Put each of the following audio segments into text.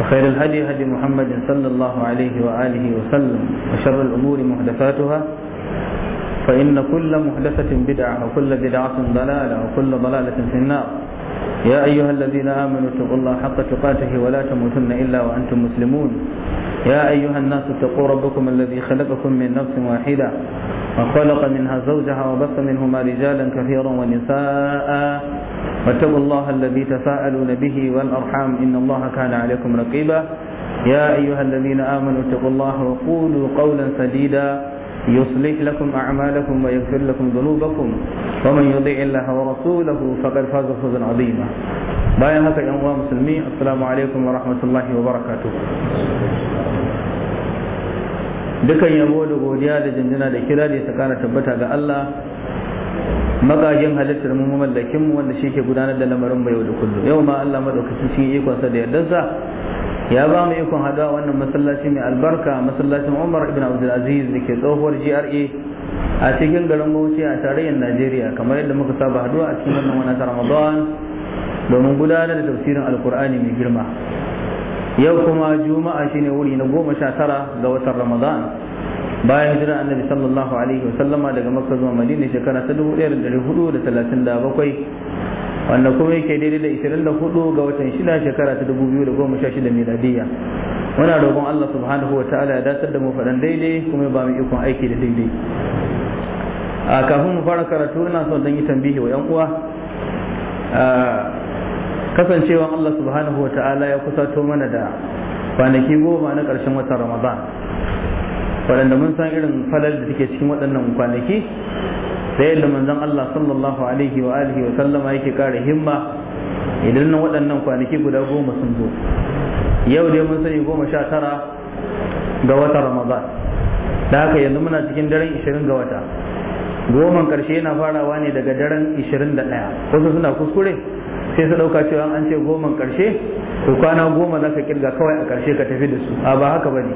وخير الهدي هدي محمد صلى الله عليه وآله وسلم وشر الأمور محدثاتها فإن كل محدثة بدعة وكل بدعة ضلالة وكل ضلالة في النار يا أيها الذين آمنوا اتقوا الله حق تقاته ولا تموتن إلا وأنتم مسلمون يا أيها الناس اتقوا ربكم الذي خلقكم من نفس واحدة وخلق منها زوجها وبث منهما رجالا كثيرا ونساء واتقوا الله الذي تساءلون به والأرحام إن الله كان عليكم رقيبا يا أيها الذين آمنوا اتقوا الله وقولوا قولا سديدا يصلح لكم أعمالكم ويغفر لكم ذنوبكم ومن يطيع الله ورسوله فقد فاز فوزا عظيما بايا هكا يا مسلمين السلام عليكم ورحمة الله وبركاته dukan yabo da godiya da jinjina da kira da ta kara tabbata ga Allah magajin halittar mu mallakin mu wanda shi ke gudanar da lamarin mu yau da kullum yau ma Allah madaukaki cikin ikon sa da yardarsa ya ba mu ikon hada wannan masallaci mai albarka masallacin Umar ibn Abdul Aziz da ke tsohuwar GRA a cikin garin Bauchi a tarayyar Najeriya kamar yadda muka saba haduwa a cikin wannan wani Ramadan domin gudanar da tafsirin Alkur'ani mai girma yau kuma Juma'a shine wuri na goma sha tara ga watan Ramadan bayan jira annabi sallallahu alaihi wa sallama daga makka zuwa madina shekara ta dubu ɗaya da hudu da talatin da bakwai wanda kuma yake daidai da 24 da hudu ga watan shida shekara ta dubu biyu da miladiyya muna roƙon allah subhanahu wa ta'ala ya dasar da mu faɗan daidai kuma ba mu ikon aiki da daidai a kafin mu fara karatu ina son dan yi tambihi wa yan uwa kasancewa allah subhanahu wa ta'ala ya kusato mana da kwanaki goma na ƙarshen watan ramadan waɗanda mun san irin falal da take cikin waɗannan kwanaki da yadda manzon Allah sallallahu alaihi wa alihi wa sallama yake kare himma idan waɗannan kwanaki guda goma sun zo yau dai mun sani goma sha tara ga watan ramadan da haka yanzu muna cikin daren 20 ga wata goman karshe yana farawa ne daga daren 21 wasu suna kuskure sai su ɗauka cewa an ce goman karshe to kwana goma za ka kirga kawai a ƙarshe ka tafi da su a ba haka ba ne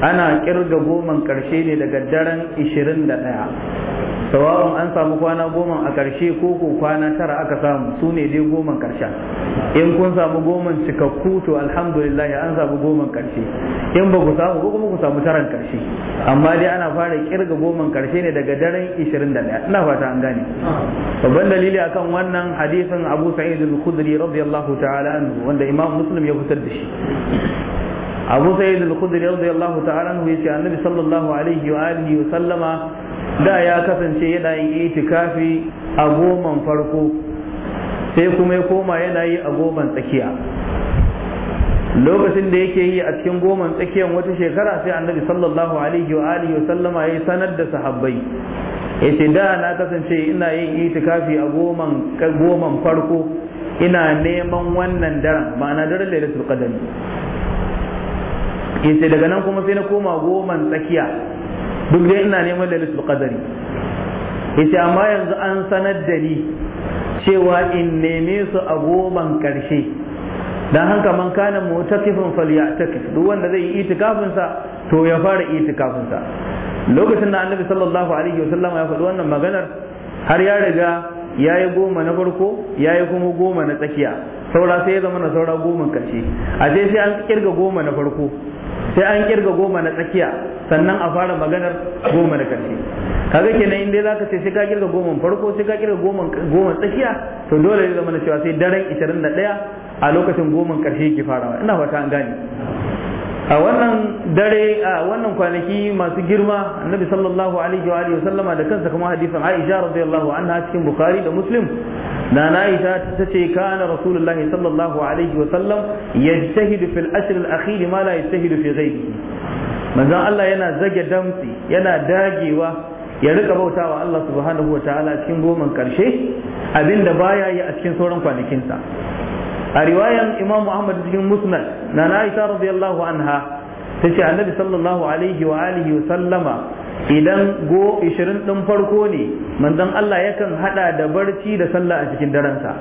ana kirga goman ƙarshe ne daga daren 21 sawa'un an samu kwana goma a ƙarshe ko ko kwana tara aka samu su ne dai goma ƙarshe. in kun samu goma cikakku to alhamdulillah an samu goma ƙarshe in ba ku samu ko kuma ku samu taran ƙarshe amma dai ana fara kirga goma ƙarshe ne daga daren 21 ina fata an gane babban dalili akan wannan hadisin Abu Sa'id al-Khudri radiyallahu ta'ala anhu wanda Imam Muslim ya fitar da shi Abu Sa'id al-Khudri radiyallahu ta'ala anhu yace Annabi sallallahu alaihi wa alihi wa sallama da ya kasance yana yin itikafi a goman farko sai kuma ya koma yana yi a goman tsakiya lokacin da yake yi a cikin goman tsakiyan wata shekara sai annabi sallallahu alaihi wa alihi wasallama ya sanar da sahabbai yace da na kasance ina yin itikafi a goman goman farko ina neman wannan daren ma'ana daren lailatul qadr yace daga nan kuma sai na koma goman tsakiya duk dai ina neman da lailatul qadari yace amma yanzu an sanar da ni cewa in neme su a goman karshe dan hanka man kana mutakifin falyatakif duk wanda zai yi itikafin sa to ya fara itikafin sa lokacin da annabi sallallahu alaihi wasallam ya faɗi wannan maganar har ya riga ya yi goma na farko ya yi kuma goma na tsakiya saura sai ya zama na saura goma karshe a sai sai an kirga goma na farko sai an kirga goma na tsakiya sannan a fara maganar goma na karshe kaga kenan in dai ka ce sai ka kirga goma farko sai ka kirga goma tsakiya to dole ne zama na cewa sai daren 21 a lokacin goma karshe ke farawa ina fata an gane a wannan dare a wannan kwanaki masu girma annabi sallallahu alaihi wa alihi sallama da kansa kuma hadisin Aisha radiyallahu anha cikin Bukhari da Muslim na Aisha ta ce kana Rasulullah sallallahu alaihi wa sallam yajtahidu fil ashr al akhir ma la yajtahidu fi ghayrihi manzon Allah yana zage damtsi yana dagewa ya rika bautawa Allah subhanahu wa ta'ala cikin goman karshe abinda baya yi a cikin sauran kwanakinsa a riwayan imam muhammad cikin musnad na na aisha radiyallahu anha ta ce annabi sallallahu alaihi wa alihi wa sallama idan go 20 din farko ne manzon Allah yakan hada da barci da sallah a cikin daransa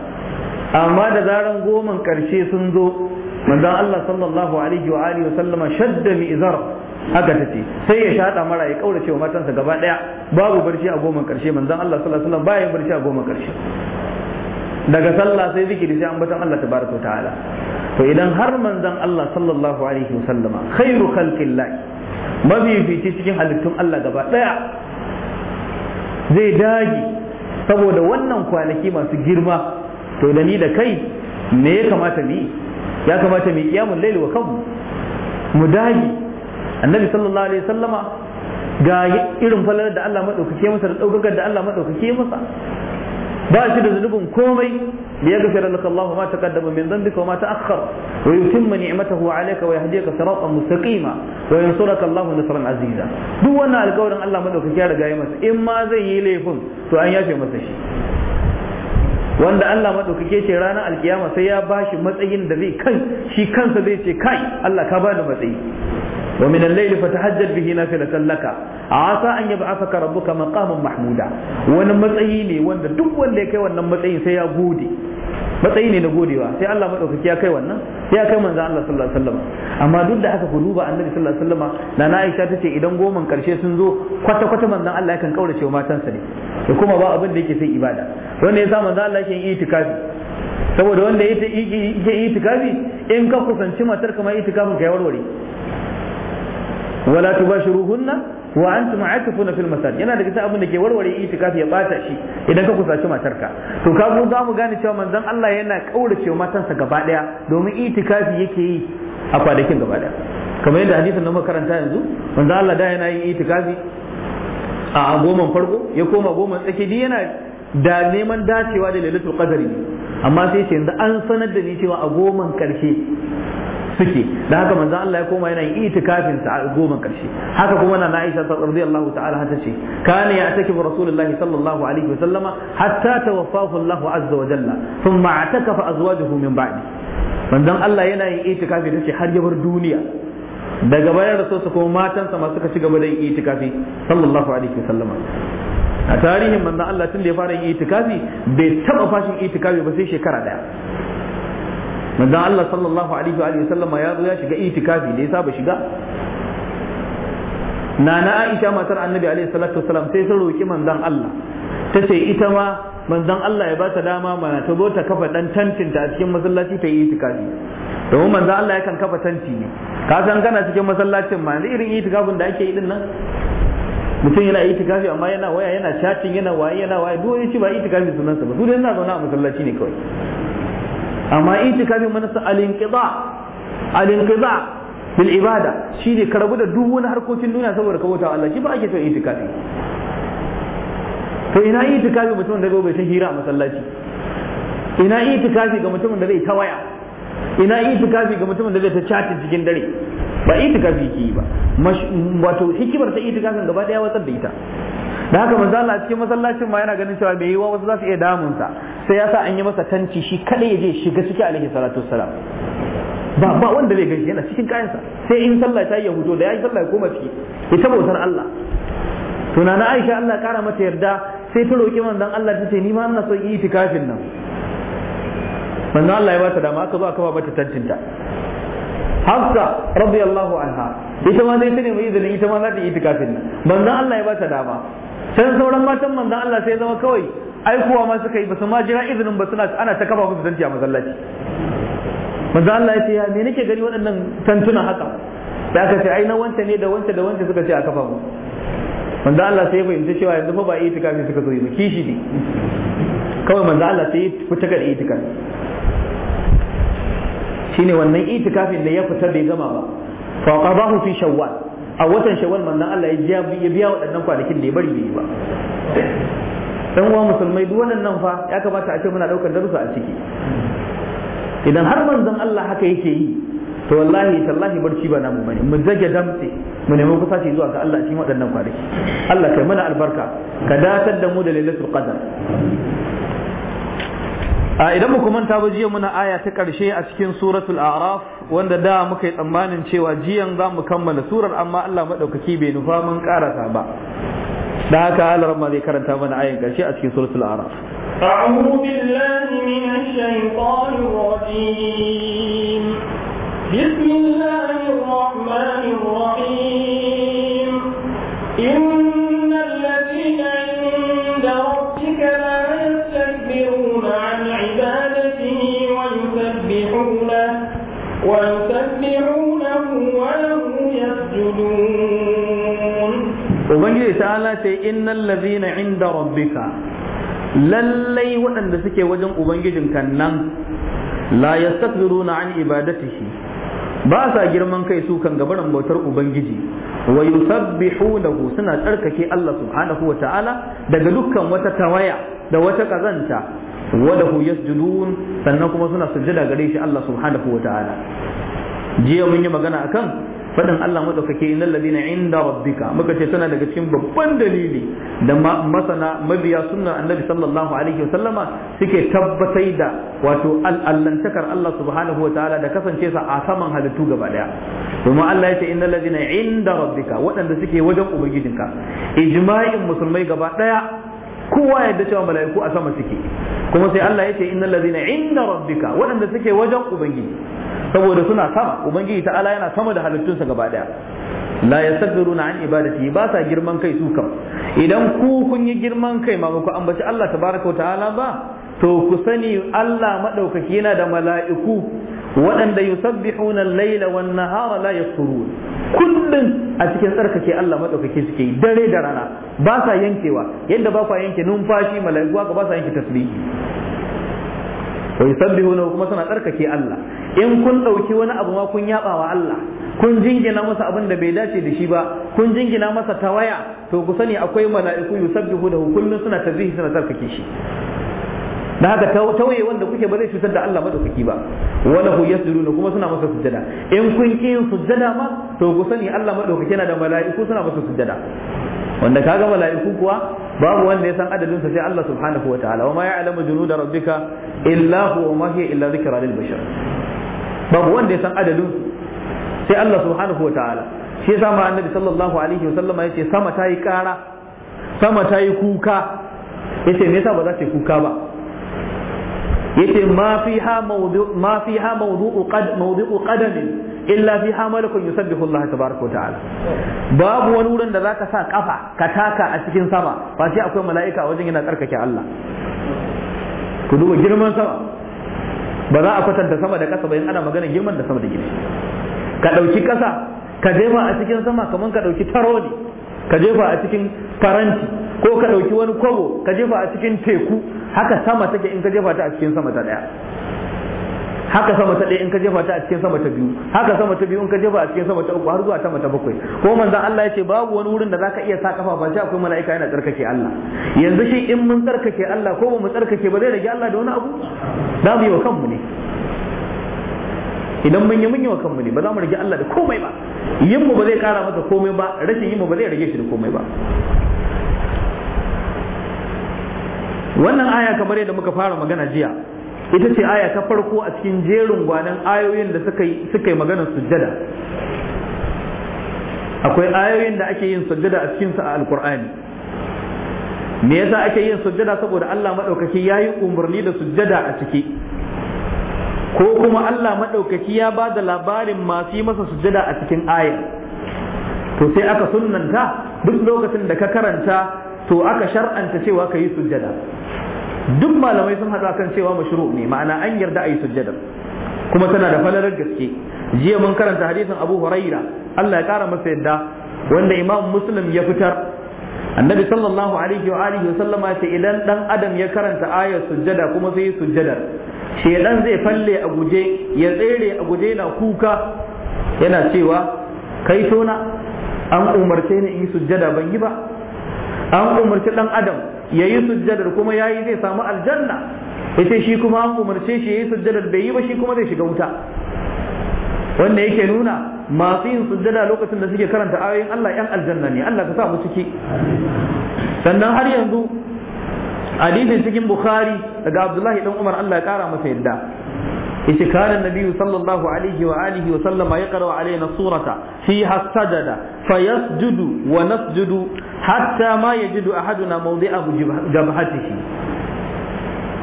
amma da zaran goman karshe sun zo manzon Allah sallallahu alaihi wa alihi wa sallama shadda mi'zar haka tace sai ya shada mara ya kaurace wa matansa gaba daya babu barci a goman karshe manzon Allah sallallahu alaihi wa sallam bayan barci a goman karshe daga sallah sai zikiri sai ambaton Allah tabaraka ta'ala to idan har manzon Allah sallallahu alaihi wasallama khairu khalqillah mafifici cikin halittun Allah gaba daya zai dage saboda wannan kwanaki masu girma to da ni da kai me ya kamata mu ya kamata mu iyamul laili wa kam? mu dage annabi sallallahu alaihi wasallama ga irin falalar da Allah madaukake masa da daukakar da Allah madaukake masa ba shi da zunubin komai li yaghfira laka Allah ma taqaddama min dhanbika wa ma ta'akhkhara wa yutimma ni'matahu 'alayka wa ka siratan mustaqima wa yansuraka Allah nasran aziza duk wannan alƙawarin Allah madaukaki ya riga ya masa in ma zai yi laifin to an yafe masa shi wanda Allah madaukake ce ranar alkiyama sai ya bashi matsayin da zai kan shi kansa zai ce kai Allah ka bani matsayi ومن الليل فتهجد به نافلة لك عسى أن يبعثك ربك مقاما Mahmuda wannan matsayi ne wanda duk wanda ya kai wannan matsayin sai ya gode matsayi ne na godewa sai Allah madaukaki ya kai wannan sai ya kai manzo Allah sallallahu alaihi wasallam amma duk da haka kuluba annabi sallallahu alaihi wasallam nana Aisha tace idan goman karshe sun zo kwata kwata manzon Allah yakan kaurace wa matansa ne da kuma ba abin da yake sai ibada wanda yasa manzo Allah yake yin itikafi saboda wanda yake itikafi in ka kusanci matar kamar itikafin ka ya warware wala tubashiruhunna wa antum aakifuna fil masajid yana da cikin abin da ke warware itikafi ya bata shi idan ka kusaci matarka to ka mu gane cewa manzon Allah yana kaurace matansa gaba daya domin itikafi yake yi a kwadakin gaba daya kamar yadda hadisin da muka yanzu manzon Allah da yana yin itikafi a goma farko ya koma goman tsaki yana da neman dacewa da lailatul qadari amma sai ce yanzu an sanar da ni cewa a goman karshe suke da haka manzo Allah ya koma yana yin itikafin sa a goma karshe haka kuma na Aisha radiyallahu ta'ala ta ce kana ya ataki bi rasulullahi sallallahu alaihi wa sallama hatta tawaffahu Allahu azza wa jalla thumma atakafa azwajuhu min ba'di manzon Allah yana yin itikafi tace har ya bar duniya daga bayan rasulsa kuma matansa masu suka ci gaba da yin itikafi sallallahu alaihi wa sallama a tarihin manzon Allah tun da ya fara yin itikafi bai taba fashin itikafi ba sai shekara daya manzo Allah sallallahu alaihi wa sallama ya zo ya shiga itikafi ne ya ba shiga nana Aisha matar Annabi alaihi salatu wasalam sai ta roki manzon Allah ta ce ita ma manzon Allah ya ba ta dama mana ta zo ta kafa dan tantin ta cikin masallaci ta yi itikafi domin manzon Allah yakan kafa tanti ne ka san kana cikin masallacin ma irin itikafin da ake yi din nan mutum yana itikafi amma yana waya yana chatting yana waye yana waye duk wani ci ba itikafi sa ba su dai suna zaune a masallaci ne kawai amma itikafi manasa al-inqida al-inqida bil ibada shine ka rabu da duk wani harkokin duniya saboda ka bauta Allah shi ba ake so itikafi to ina itikafi mutum da bai ta hira a masallaci ina itikafi ga mutumin da zai ta waya ina itikafi ga mutumin da zai ta chat cikin dare ba itikafi ki ba wato hikimar ta itikafin gaba daya watsar da ita da haka manzo Allah cikin masallacin ma yana ganin cewa bai yi wa wasu za su iya damunsa sai ya sa an yi masa tanci shi kadai ya je shiga ciki alaihi salatu wassalam ba ba wanda zai gaji yana cikin kayansa sai in sallah ta yi ya hudo da ya yi sallah ya koma ciki ya tabbatar Allah to na Aisha Allah kara mata yarda sai ta roki manzon Allah ta ce ni ma ina so yi itikafin nan manzon Allah ya bata dama aka zo aka ba mata ta Hafsa radiyallahu anha ita ma zai ta nemi izinin ita ma za ta yi itikafin nan manzon Allah ya bata dama sai sauran matan manzan Allah sai zama kawai aikowa ma suka yi ba su ma jira izinin ba suna ana ta kafa kusa zanciya masallaci manzan Allah ya ce ya me nake gari waɗannan tantuna haka da aka ce ai na wanta ne da wanta da wanta suka ce a kafa mu manzan Allah sai ya fahimci cewa yanzu fa ba itikafi suka zo yi ba kishi ne kawai manzan Allah sai ya fita ga itikafi shine wannan itikafin da ya fita bai gama ba fa qadahu fi shawwal a watan shawwal manzon Allah ya biya waɗannan kwanakin da ya bari bai yi ba dan uwa musulmai duk wannan fa ya kamata a ce muna daukar darussa a ciki idan har manzon Allah haka yake yi to wallahi tallahi barci ba namu bane mu zage damse, mu nemi kusaci zuwa ga Allah cikin waɗannan kwanaki Allah kai mana albarka ka datar da mu da lailatul qadar A idan muku manta ba jiya muna aya ta ƙarshe a cikin suratul araf wanda da muka yi tsammanin cewa jiyan za mu kammala surar amma Allah maɗaukaki bai nufa mun ƙarasa ba da haka alar ma zai karanta mana ayin ƙarshe a cikin suratul araf أعوذ بالله من الشيطان الرجيم بسم الله الرحمن الرحيم إن الذين عند ربك لا يستكبرون عن Ubangiji ويسبحونه وله يسجدون وبنجي تعالى إن الذين عند lallai waɗanda suke wajen ubangijin kan nan la yastakbiruna an ibadatihi ba sa girman kai su kan gabaran bautar ubangiji wa yusabbihunahu suna tsarkake Allah subhanahu wa ta'ala daga dukkan wata tawaya da wata kazanta wadahu yasjudun sannan kuma suna sujjada gare shi Allah subhanahu wa ta'ala jiya mun yi magana akan fadin Allah madaukake innal ladina inda rabbika muka ce tana daga cikin babban dalili da masana mabiya sunnar annabi sallallahu alaihi wasallama suke tabbatai da wato allantakar Allah subhanahu wataala da kasance sa a saman halittu gabaɗaya. daya domin Allah ya ce innal ladina inda rabbika waɗanda suke wajen ubangijinka ijma'in musulmai gaba ɗaya. kowa yadda cewa mala'iku a sama suke kuma sai Allah ya ce allazina inda rabbika waɗanda suke wajen ubangiji saboda suna sama ubangiji ta'ala yana sama da halittunsa gaba daya la yastakbiruna an ibadati ba sa girman kai su kam idan ku kun yi girman kai ma ku ambaci Allah tabaaraka wa ta'ala ba to ku sani Allah madaukaki yana da mala'iku waɗanda yusabbihuna al-laila wan nahara la yasturun kullun a cikin tsarkake Allah madaukake suke dare da rana ba sa yankewa yadda ba kwa yanke numfashi mala'iku ka ba sa yanke tasbihi wa yusabbihuna kuma suna tsarkake Allah in kun ɗauki wani abu ma kun yaba wa Allah kun jingina masa abin da bai dace da shi ba kun jingina masa tawaya to ku sani akwai mala'iku yusabbihu da kullun suna tasbihi suna tsarkake shi da haka tauye wanda kuke ba zai cutar da Allah madaukaki ba walahu yasjuduna kuma suna masa sujjada in kun ki yin sujjada ma to ku sani Allah madaukaki yana da mala'iku suna masa sujjada wanda kaga mala'iku kuwa babu wanda ya san adadin sa sai Allah subhanahu wa ta'ala wa ma ya'lamu junuda rabbika illa huwa wa ma hiya illa dhikra lil bashar babu wanda ya san adadin sai Allah subhanahu wa ta'ala shi yasa ma annabi sallallahu alaihi wa sallama yace sama tayi kara sama tayi kuka yace me yasa ba za ta kuka ba yace ma fiha mawdu ma fiha mawdu'u qad mawdu'u qadamin illa fiha malakun yusabbihu Allah tabaaraka wa ta'ala babu wani wurin da zaka sa kafa ka taka a cikin sama ba sai akwai mala'ika wajen yana tsarkake Allah ku duba girman sama ba za a kwatanta sama da kasa ba in ana magana girman da sama da gida. ka dauki kasa ka jefa a cikin sama kamar ka dauki taro ne ka jefa a cikin faranti ko ka ɗauki wani kwabo ka jefa a cikin teku haka sama take in ka jefa ta a cikin sama ta ɗaya haka sama ta ɗaya in ka jefa ta a cikin sama ta biyu haka sama ta biyu in ka jefa a cikin sama ta uku har zuwa sama ta bakwai ko manzon Allah ya ce babu wani wurin da zaka iya sa kafa ba sai akwai mala'ika yana tsarkake Allah yanzu shi in mun tsarkake Allah ko ba mu tsarkake ba zai rage Allah da wani abu za mu yi wa kanmu ne idan mun yi mun yi wa kanmu ne ba za mu rage Allah da komai ba yin mu ba zai kara masa komai ba rashin yin mu ba zai rage shi da komai ba wannan aya kamar yadda muka fara magana jiya ita ce aya ta farko a cikin jerin gwanan ayoyin da suka yi suka yi sujjada akwai ayoyin da ake yin sujjada a cikin sa a alqur'ani me yasa ake yin sujjada saboda Allah madaukaki yayi umarni da sujjada a ciki ko kuma Allah maɗaukaki ya ba da labarin masu yi masa sujada a cikin ayar to sai aka sunnanta duk lokacin da ka karanta to aka shar'anta cewa ka yi sujada duk malamai sun haɗa kan cewa mashru ne ma'ana an yarda a yi sujjadar kuma tana da falalar gaske jiya mun karanta hadisin abu huraira Allah ya kara masa yadda wanda imam muslim ya fitar annabi sallallahu alaihi wa alihi wa sallama ce idan dan adam ya karanta ayar sujjada kuma sai yi sujjadar shedan zai falle a guje ya tsere a guje na kuka yana cewa kai tona an umarce ni in yi sujjada ban yi ba an umarci dan adam ya yi sujjadar kuma ya zai samu aljanna ce shi kuma an umarce shi ya yi sujjadar bai yi ba shi kuma zai shiga wuta wanda yake nuna masu yin sujjada lokacin da suke karanta ayoyin Allah yan aljanna ne Allah ka sa mu ciki sannan har yanzu hadisin cikin bukhari daga abdullahi dan umar Allah ya kara masa yadda yace kana nabiyyu sallallahu alaihi wa alihi wa sallama yaqra alaina surata fiha sajada fayasjudu wa nasjudu hatta ma yajidu ahaduna mawdi'ahu jabhatihi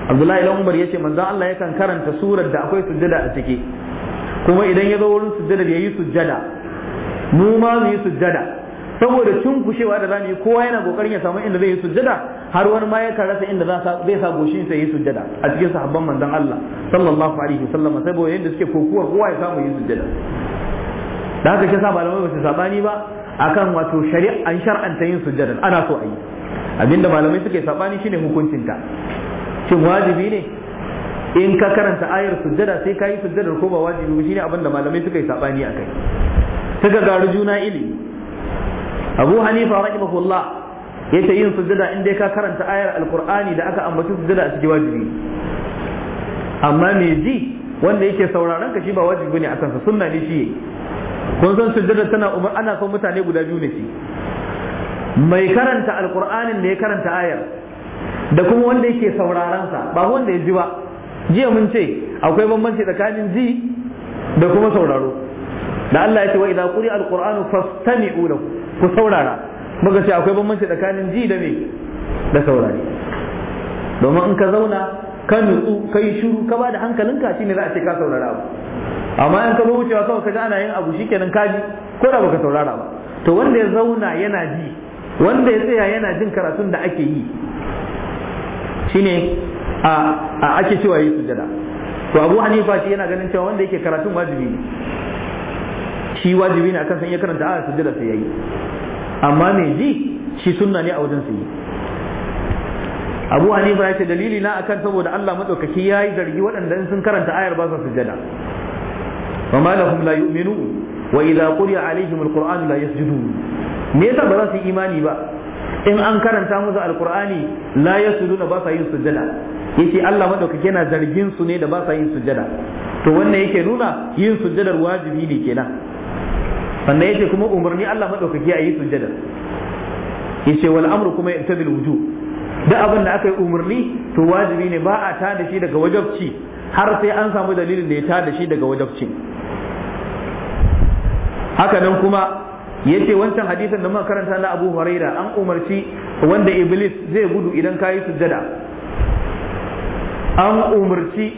Abdullahi dan Umar yace manzon Allah yakan karanta surar da akwai sujada a ciki kuma idan ya zo wurin sujjada yayi sujada, mu ma mu yi sujada. saboda cunkushewa da zamu kowa yana kokarin ya samu inda zai yi sujjada har wani ma ya rasa inda zai sa goshin sai yi sujjada a cikin sahabban manzon Allah sallallahu alaihi wasallam saboda yadda suke kokuwa kowa ya samu yi sujjada da haka sai sa malamai ba su sabani ba akan wato shari'an ta yin sujjada ana so a yi abinda malamai suke sabani shine hukuncinta shin wajibi ne in ka karanta ayar sujjada sai ka yi sujjadar ko ba wajibi ba shine abinda malamai suka sabani akai suka garu juna ilimi abu hanifa rahimahullah ya ce yin sujjada in dai ka karanta ayar alkur'ani da aka ambaci sujjada a cikin wajibi amma me ji wanda yake sauraron ka shi ba wajibi ne a kansa sunna ne shi kun san sujjada tana umar ana son mutane guda biyu ne shi mai karanta alkur'anin da ya karanta ayar da kuma wanda yake sauraron sa ba wanda ya ji ba jiya mun ce akwai bambanci tsakanin ji da kuma sauraro da Allah ya ce wa idza quri alqur'anu fastami'u lahu ku saurara muka ce akwai bambanci tsakanin ji da me da saurari domin in ka zauna ka nutsu ka yi shiru ka ba da hankalinka shine za a ce ka saurara ba. amma in ka zo wucewa kawai ka ji ana yin abu shikenan ka ji ko da baka saurara ba to wanda ya zauna yana ji wanda ya tsaya yana jin karatun da ake yi shine a ake cewa yi sujada to abu hanifa shi yana ganin cewa wanda yake karatun wajibi ne shi wajibi ne akan san ya karanta ayar sujjada sai yayi amma me ji shi sunna ne a wajen sai Abu Hanifa ya ce dalili na akan saboda Allah madaukaki yayi zargi waɗanda sun karanta ayar ba su sujjada wa ma lahum la yu'minu wa idza quriya alaihim alquran la yasjudun me yasa ba za su yi imani ba in an karanta musu alqur'ani la yasjuduna ba sa yin sujjada yace Allah madaukaki yana zargin su ne da ba sa yin sujjada to wannan yake nuna yin sujjadar wajibi ne kenan sannan yake kuma umarni Allah madaukaki a yi sujjada yace wal amru kuma yabtadil wujub da abin da aka yi umarni to wajibi ne ba a tada shi daga wajabci har sai an samu dalilin da ya tada shi daga wajabci haka nan kuma yace wancan hadisin da muka karanta na Abu Huraira an umarci wanda Iblis zai gudu idan kayi sujjada an umarci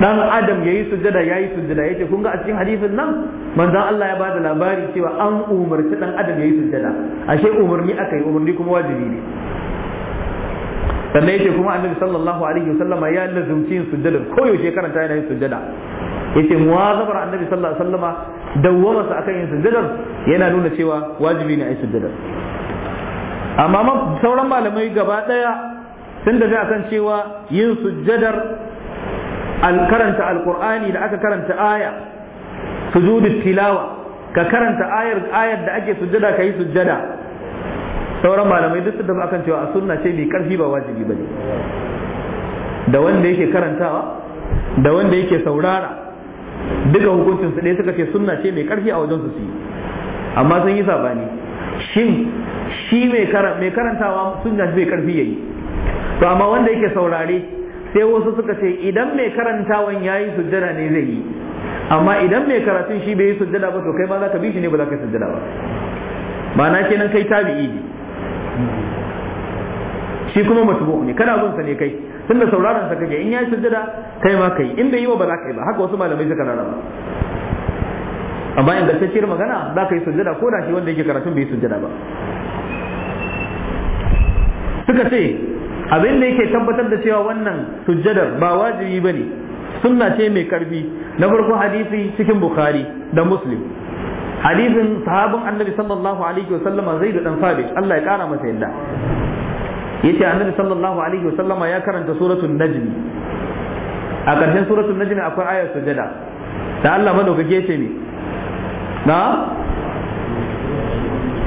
dan adam yayi sujada yayi sujada yace kun ga a cikin hadisin nan manzon Allah ya bada labari cewa an umarci dan adam yayi sujada ashe umarni akai umarni kuma wajibi ne sannan yace kuma annabi sallallahu alaihi wasallam ya lazumci yin sujada koyaushe karanta yana yin sujada yace muwazabar annabi sallallahu alaihi wasallama sa akan yin sujada? yana nuna cewa wajibi ne a yi sujada. amma sauran malamai gaba daya sun da kan cewa yin sujadar an karanta alqur'ani da aka karanta aya sujudu tilawa ka karanta ayar ayar da ake sujjada kai sujjada sauran malamai duk da akan cewa a sunna ce mai karfi ba wajibi ba ne. da wanda yake karantawa da wanda yake saurara duka hukuncin su ɗaya suka ce sunna ce mai karfi a wajen su yi amma sun yi sabani shin shi mai karantawa sunna ce mai karfi yayi to amma wanda yake saurare sai wasu suka ce idan mai karantawan ya yi sujjada ne zai yi amma idan mai karatun shi bai yi sujjada ba to kai ma za ka bi shi ne ba za ka yi sujjada ba ma'ana kenan kai tabi'i ne shi kuma matbu ne kana bin sa ne kai tunda sauraron sa kake in ya yi sujjada kai ma kai in bai yi ba ba za ka yi ba haka wasu malamai suka rarraba amma in gaskiyar magana za ka yi sujjada ko da shi wanda yake karatun bai yi sujjada ba suka ce abin da yake tabbatar da cewa wannan sujjadar ba wajibi bane sunna ce mai karfi na farko hadisi cikin bukhari da muslim hadisin sahabin annabi sallallahu alaihi wa sallama zaidu dan sabit Allah ya kara masa yadda yace annabi sallallahu alaihi wa sallama ya karanta suratul najm a karshen suratul najm akwai ayar sujjada da Allah madaukake ce ne na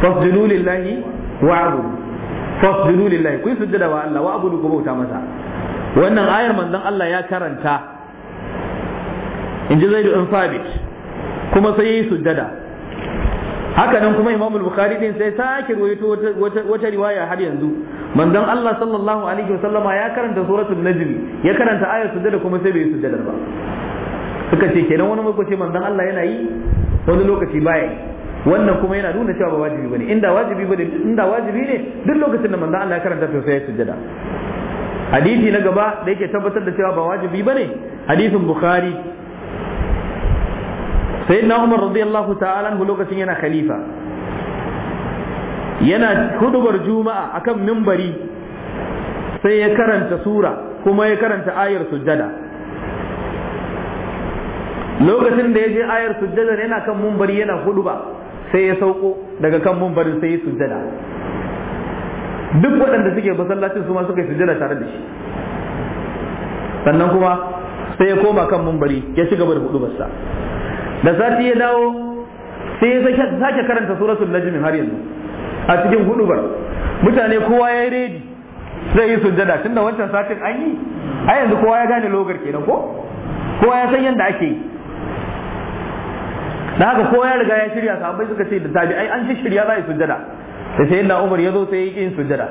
fasjudu lillahi wa'budu fasjudu lillahi ku yi sujjada wa Allah wa abudu ku bauta masa wannan ayar manzon Allah ya karanta in ji zaidu in sabit kuma sai yi sujjada haka nan kuma imamul bukhari din sai sake ruwaito wata riwaya har yanzu manzon Allah sallallahu alaihi wasallama ya karanta suratul najm ya karanta ayar sujjada kuma sai bai yi sujjadar ba suka ce kenan wani lokaci manzon Allah yana yi wani lokaci baya yi wannan kuma yana nuna cewa ba wajibi bane inda wajibi bane inda wajibi ne duk lokacin da manzo Allah ya karanta to sai ya sujjada hadisi na gaba da yake tabbatar da cewa ba wajibi bane hadisin bukhari sayyidina umar radiyallahu ta'ala anhu lokacin yana khalifa yana hudubar juma'a akan mimbari sai ya karanta sura kuma ya karanta ayar sujjada lokacin da ya je ayar sujjada yana kan mumbari yana huduba sai ya sauko daga kan mumbarin sai ya sujjada duk waɗanda suke masallacin su ma suka yi sujjada tare da shi sannan kuma sai ya koma kan mumbari ya ci gaba da hudubarsa da sati ya dawo sai ya sake karanta suratul najm har yanzu a cikin bar mutane kowa ya yi redi zai yi sujjada da wancan satin an yi a yanzu kowa ya gane logar kenan ko kowa ya san yadda ake yi da haka ko ya riga ya shirya sahabbai suka ce da tabi'ai an shirya za a yi sujjada da sai na umar ya zo sai ya yin sujjada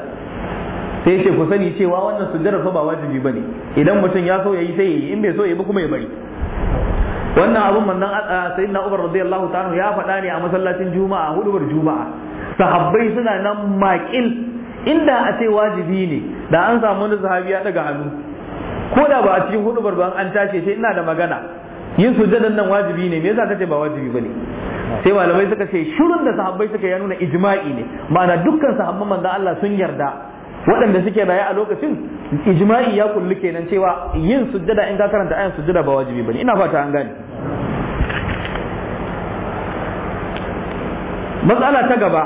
sai ya ku sani cewa wannan sujjada fa ba wajibi bane idan mutum ya so ya yi sai ya yi in bai so ya bi kuma ya bari wannan abun mannan sayyidina Umar radiyallahu ta'ala ya faɗa ne a masallacin Juma'a hudubar Juma'a sahabbai suna nan maƙil inda a ce wajibi ne da an samu wani sahabi ya daga hannu ko da ba a cikin hudubar ba an tashi sai ina da magana yin sujjadan nan wajibi ne me yasa kace ba wajibi bane sai malamai suka ce shirin da sahabbai suka ya nuna ijma'i ne ma'ana dukkan sahabban manzon Allah sun yarda waɗanda suke raye a lokacin ijma'i ya kulli kenan cewa yin sujjada in ka karanta ayan sujjada ba wajibi bane ina fata an gane matsala ta gaba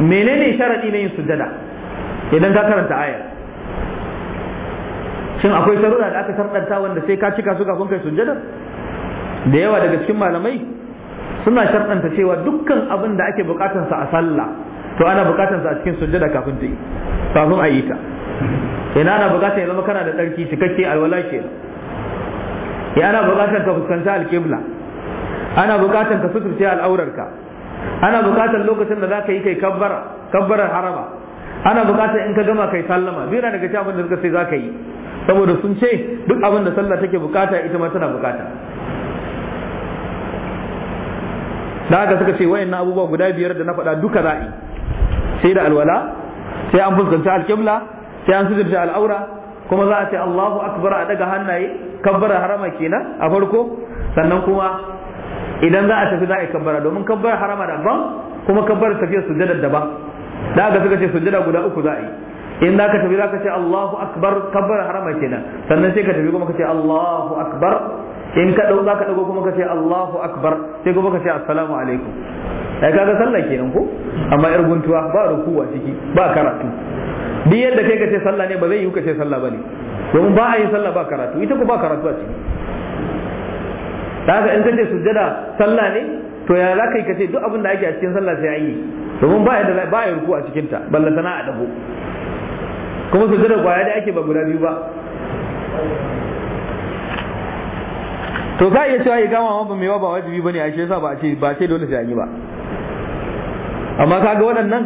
menene sharadi na yin sujjada idan ka karanta ayan shin akwai sarura da aka sharɗanta wanda sai ka cika su kafin kai sunjada da yawa daga cikin malamai suna sharɗanta cewa dukkan abin da ake sa a sallah to ana sa a cikin sunjada kafin ta yi kafin a yi ta ina ana bukatar ya zama kana da tsarki cikakke alwala ke ya ana bukatar ka fuskanta alƙibla ana bukatar ka suturce al'aurarka ana bukatar lokacin da za ka yi kai kabbara kabbarar harama ana bukatar in ka gama kai sallama biyu na daga cikin abin da suka sai za ka yi saboda sun ce duk abin da sallah take bukata ita ma tana bukata da haka suka ce na abubuwa guda biyar da na faɗa duka za'i sai da alwala sai an fuskanci alkibla sai an sujurta al'aura kuma za a ce Allahu akbar a daga hannaye kabbara harama kenan a farko sannan kuma idan za a tafi za a yi kabbara domin kabbara harama daban kuma kabbara tafiyar sujjada daban da haka suka ce sujjada guda uku za a yi in da ka tafi za ka ce Allahu akbar kabbar harama kenan sannan sai ka tafi kuma ka ce Allahu akbar in ka dau za ka dago kuma ka ce Allahu akbar sai kuma ka ce assalamu alaikum ai kaga sallah kenan ko amma yar guntuwa ba rukuwa ciki ba karatu duk yadda kai ka ce sallah ne ba zai yi ka ce sallah bane domin ba a yi sallah ba karatu ita ko ba karatu a ciki haka in ka ce sujjada sallah ne to ya za ka yi ce duk abin da ake a cikin sallah sai an yi domin ba ya ba ya ruku a cikin ta balla a dago kuma su zira kwaya da ake ba guda biyu ba to ka iya cewa kama ma mai ba wajibi bane a shi yasa ba ce ba dole sai an yi ba amma kaga waɗannan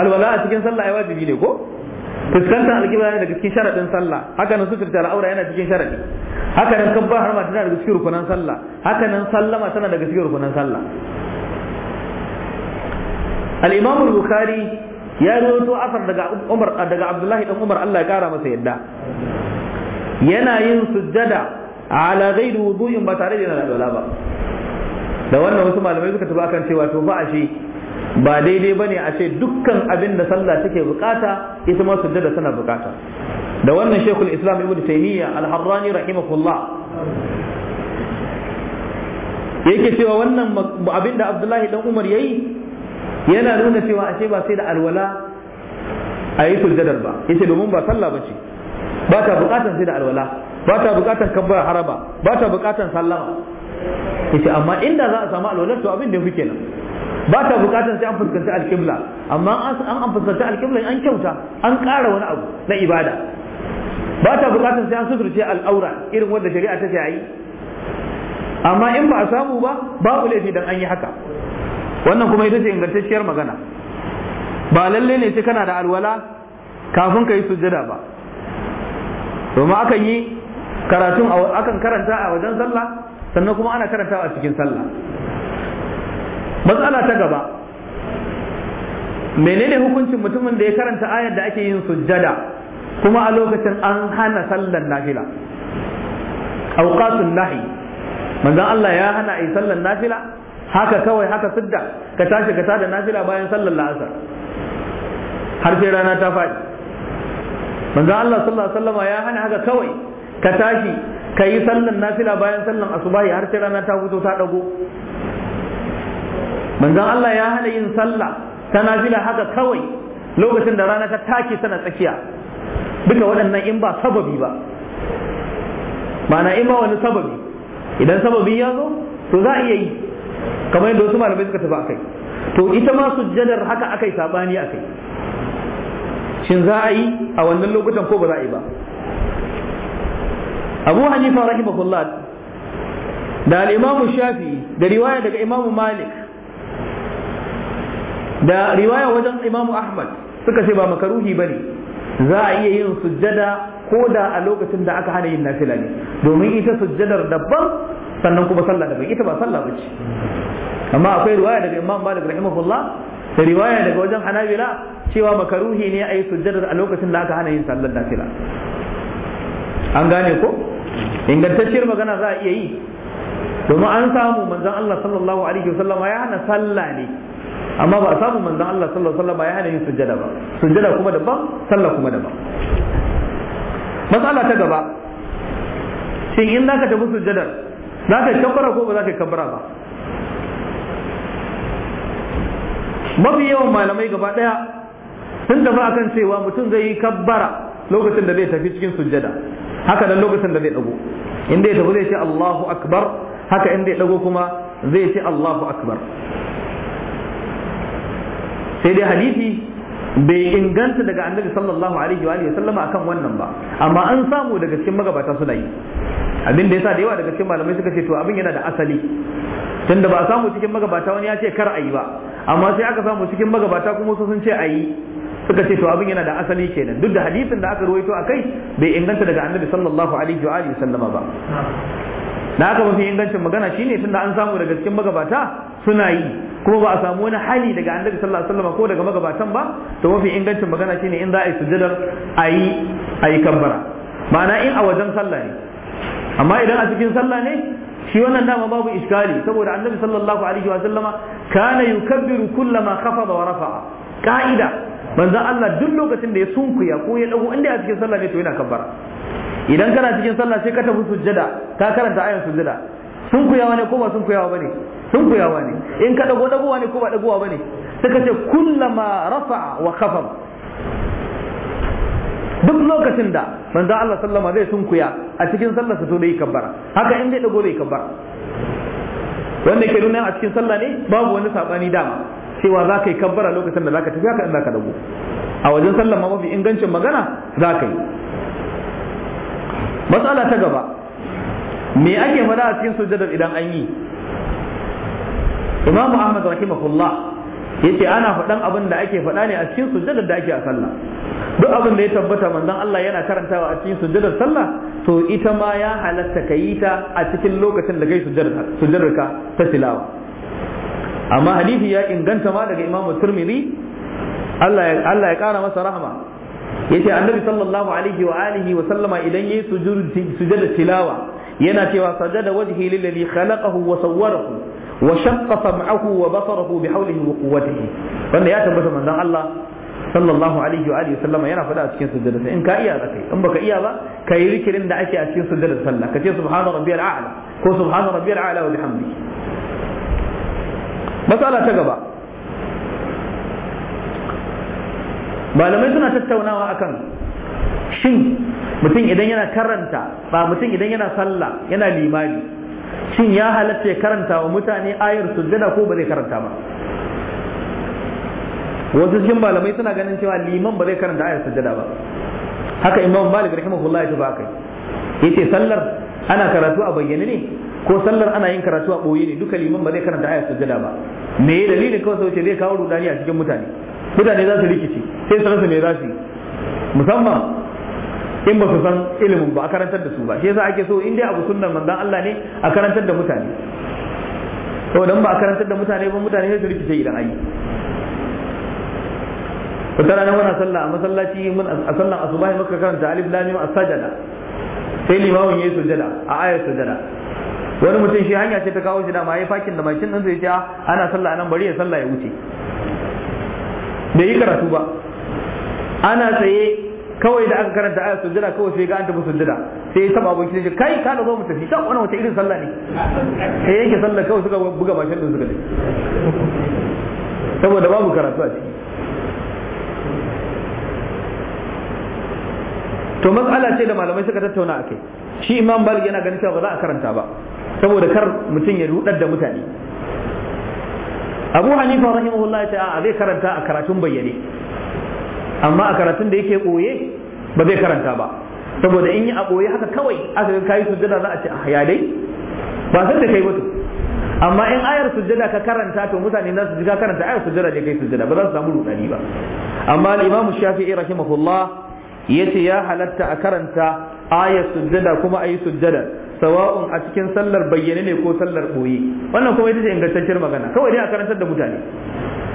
alwala a cikin sallah ai wajibi ne ko fuskantar alƙibla yana daga cikin sharaɗin sallah haka nan tara al'aura yana cikin sharaɗi haka nan kabbar harma tana daga cikin rukunan sallah haka nan sallama tana daga cikin rukunan sallah al-imam al-bukhari ya rawaito asar daga Umar daga Abdullahi dan Umar Allah ya kara masa yadda yana yin sujjada ala ghairi wudu'in ba tare da yana da ba da wannan wasu malamai suka tafi akan cewa to ba a shi ba daidai bane a ce dukkan abin da sallah take bukata ita ma sujjada tana bukata da wannan Sheikhul Islam Ibn Taymiyyah Al-Harrani rahimahullah yake cewa wannan abin da Abdullahi dan Umar yayi yana nuna cewa ashe ba sai da alwala a yi sujjadar ba yace domin ba sallah ba ce ba ta bukatar sai da alwala ba ta bukatar kabbar haraba ba ta bukatar sallama yace amma inda za a samu alwalar to abin da yafi kenan ba ta bukatar sai an fuskanci alkibla amma an an fuskanci alkibla an kyauta an ƙara wani abu na ibada ba ta bukatar sai an suturce al'aura irin wanda shari'a ta ce ayi amma in ba a samu ba babu laifi dan an yi haka wannan kuma ita ce ingantacciyar magana ba lalle ne sai kana da alwala kafin ka yi sujjada ba domin akan yi karatun akan karanta a wajen sallah sannan kuma ana karanta a cikin sallah matsala ta gaba menene hukuncin mutumin da ya karanta ayar da ake yin sujjada kuma a lokacin an hana sallar nafila auqatun nahi manzon Allah ya hana a sallar nafila haka kawai haka sidda ka tashi ka tada nafila bayan sallar la'asar har sai rana ta faɗi manzo Allah sallallahu alaihi wasallam ya hana haka kawai ka tashi ka yi sallar nafila bayan sallar asubahi har sai rana ta fito ta dago manzo Allah ya hana yin sallah ta nafila haka kawai lokacin da rana ta take tana tsakiya duka waɗannan in ba sababi ba ma'ana in ba wani sababi idan sababi ya zo to za a iya yi kamar yadda wasu malamai suka tafi akai to ita ma sujjadar haka akai sabani akai shin za a yi a wannan lokutan ko ba za a yi ba abu hanifa rahimahullah da al-imam shafi da riwaya daga imam malik da riwaya wajen imam ahmad suka ce ba makaruhi bane za a iya yin sujjada ko da a lokacin da aka hana yin nafila ne domin ita sujjadar daban sannan kuma sallah daban ita ba sallah ba ce amma akwai riwaya daga imam malik rahimahullah da riwaya daga wajen hanabila cewa makaruhi ne a yi sujjadar a lokacin da aka hana yin sallar nafila an gane ko ingantacciyar magana za a iya yi domin an samu manzon Allah sallallahu alaihi wasallam ya hana sallah ne amma ba a samu manzon Allah sallallahu alaihi wasallam ya hana yin sujjada ba sujjada kuma daban sallah kuma daban matsala ta gaba shin in zaka tafi sujjadar za ka kabbara ko ba za ka kabbara ba mafi yawan malamai gaba daya sun tafi kan cewa mutum zai yi kabbara lokacin da zai tafi cikin sujjada haka nan lokacin da zai dago inda ya tafi zai ce Allahu akbar haka inda ya dago kuma zai ce Allahu akbar sai dai hadisi bai inganta daga annabi sallallahu alaihi wa sallama akan wannan ba amma an samu daga cikin magabata suna yi abin da yasa da yawa daga cikin malamai suka ce to abin yana da asali tunda ba a samu cikin magabata wani ya ce kar a yi ba amma sai aka samu cikin magabata kuma su sun ce a yi suka ce to abin yana da asali kenan duk da hadisin da aka ruwaito a kai bai inganta daga annabi sallallahu alaihi wa alihi sallama ba Na aka mafi ingancin magana shine tunda an samu daga cikin magabata suna yi kuma ba a samu wani hali daga annabi sallallahu alaihi ko daga magabatan ba to mafi ingancin magana ne in za a yi sujudar a yi a ma'ana in a wajen sallah ne amma idan a cikin sallah ne shi wannan dama babu iskali saboda annabi sallallahu alaihi wa sallama kana yukabbiru kullama khafada wa rafa'a ka'ida manzo Allah duk lokacin da ya sunkuya ko ya dago inda a cikin sallah ne to yana kabbara idan kana cikin sallah sai ka tafi sujjada ka karanta ayan sujjada sunkuyawa ne ko ba sunkuyawa bane sunkuyawa ne in ka dago dagowa ne ko ba dagowa bane sai ka ce kullama rafa'a wa khafada duk lokacin da manzo Allah sallama zai sunkuya a cikin sallar sa to dai kabbara haka in zai dago dai kabbara wanda ke nuna a cikin sallah ne babu wani sabani dama cewa za ka yi kabbara lokacin da za ka tafi haka in za ka dago a wajen sallah ma mafi ingancin magana za ka yi matsala ta gaba me ake faɗa a cikin sujjadar idan an yi imamu ahmad rahimahullah yace ana faɗan abin da ake faɗa ne a cikin sujjadar da ake a sallah duk abin da ya tabbata manzon Allah yana karantawa a cikin sujjadar sallah to ita ma ya halatta ka yi ta a cikin lokacin da kai sujjadar ka ta tilawa amma hadisi ya inganta ma daga Imam Tirmidhi Allah Allah ya kara masa rahama yace annabi sallallahu alaihi wa alihi wa sallama idan yayi sujjadar tilawa yana cewa sajada wajhi lillazi khalaqahu wa sawwarahu wa shaqqa sam'ahu wa basarahu bi hawlihi wa quwwatihi wanda ya tabbata manzon Allah sallallahu alaihi wa alihi sallama yana faɗa a cikin sujjada in ka iya za kai in baka iya ba ka yi zikirin da ake a cikin sujjada sallah ka ce subhana rabbiyal a'la ko subhana rabbiyal a'la wa bihamdi matsala ta gaba malamai suna tattaunawa akan shin mutum idan yana karanta ba mutum idan yana sallah yana limani shin ya halatta ya karanta wa mutane ayar sujjada ko ba zai karanta ba wasu cikin malamai suna ganin cewa liman ba zai karanta ayar sujjada ba haka imam malik rahimahullah ya tafi kai. yace sallar ana karatu a bayyane ne ko sallar ana yin karatu a boye ne duka liman ba zai karanta ayar sujjada ba me ya dalilin kawai sauce zai kawo rudani a cikin mutane mutane za su rikici sai su rasa me za su yi musamman in ba su san ilimin ba a karantar da su ba shi yasa ake so in dai abu sunnan manzon Allah ne a karantar da mutane to dan ba a karantar da mutane ba mutane sai su rikice idan ayi wata rana muna sallah a masallaci mun a sallan asubahi muka karanta alif lam mim as-sajada sai limamin yayi sujada a ayat sujada wani mutum shi hanya ce ta kawo shi da ma yayi fakin da makin nan zai ya ah, ana sallah nan bari ya sallah ya wuce bai yi karatu ba ana tsaye kawai da aka karanta ayat sujjada kawai sai ga an tafi sujjada sai ya taba abokin shi kai ka da zo mu tafi ta wannan wata irin sallah ne sai yake sallah kawai suka buga bakin da suka ne saboda babu karatu a ciki to mas'ala ce da malamai suka tattauna akai shi imam balik yana ganin cewa ba za a karanta ba saboda kar mutum ya rudar da mutane abu hanifa rahimahullah ya ce a zai karanta a karatun bayyane amma a karatun da yake koye ba zai karanta ba saboda in yi a koye haka kawai aka ga kayi sujjada za a ce a ah, ya dai ba san da kai mutu amma in ayar sujjada ka karanta to mutane za su ji ka karanta ayar sujjada ne kai sujjada ba za su samu rudani ba amma al-imamu shafi'i rahimahullah yace ya halatta a karanta ayar sujjada kuma ayi sujjada sawa'un a cikin sallar bayyane ne ko sallar boye wannan kuma ita ce ingantacciyar magana kawai dai a karantar da mutane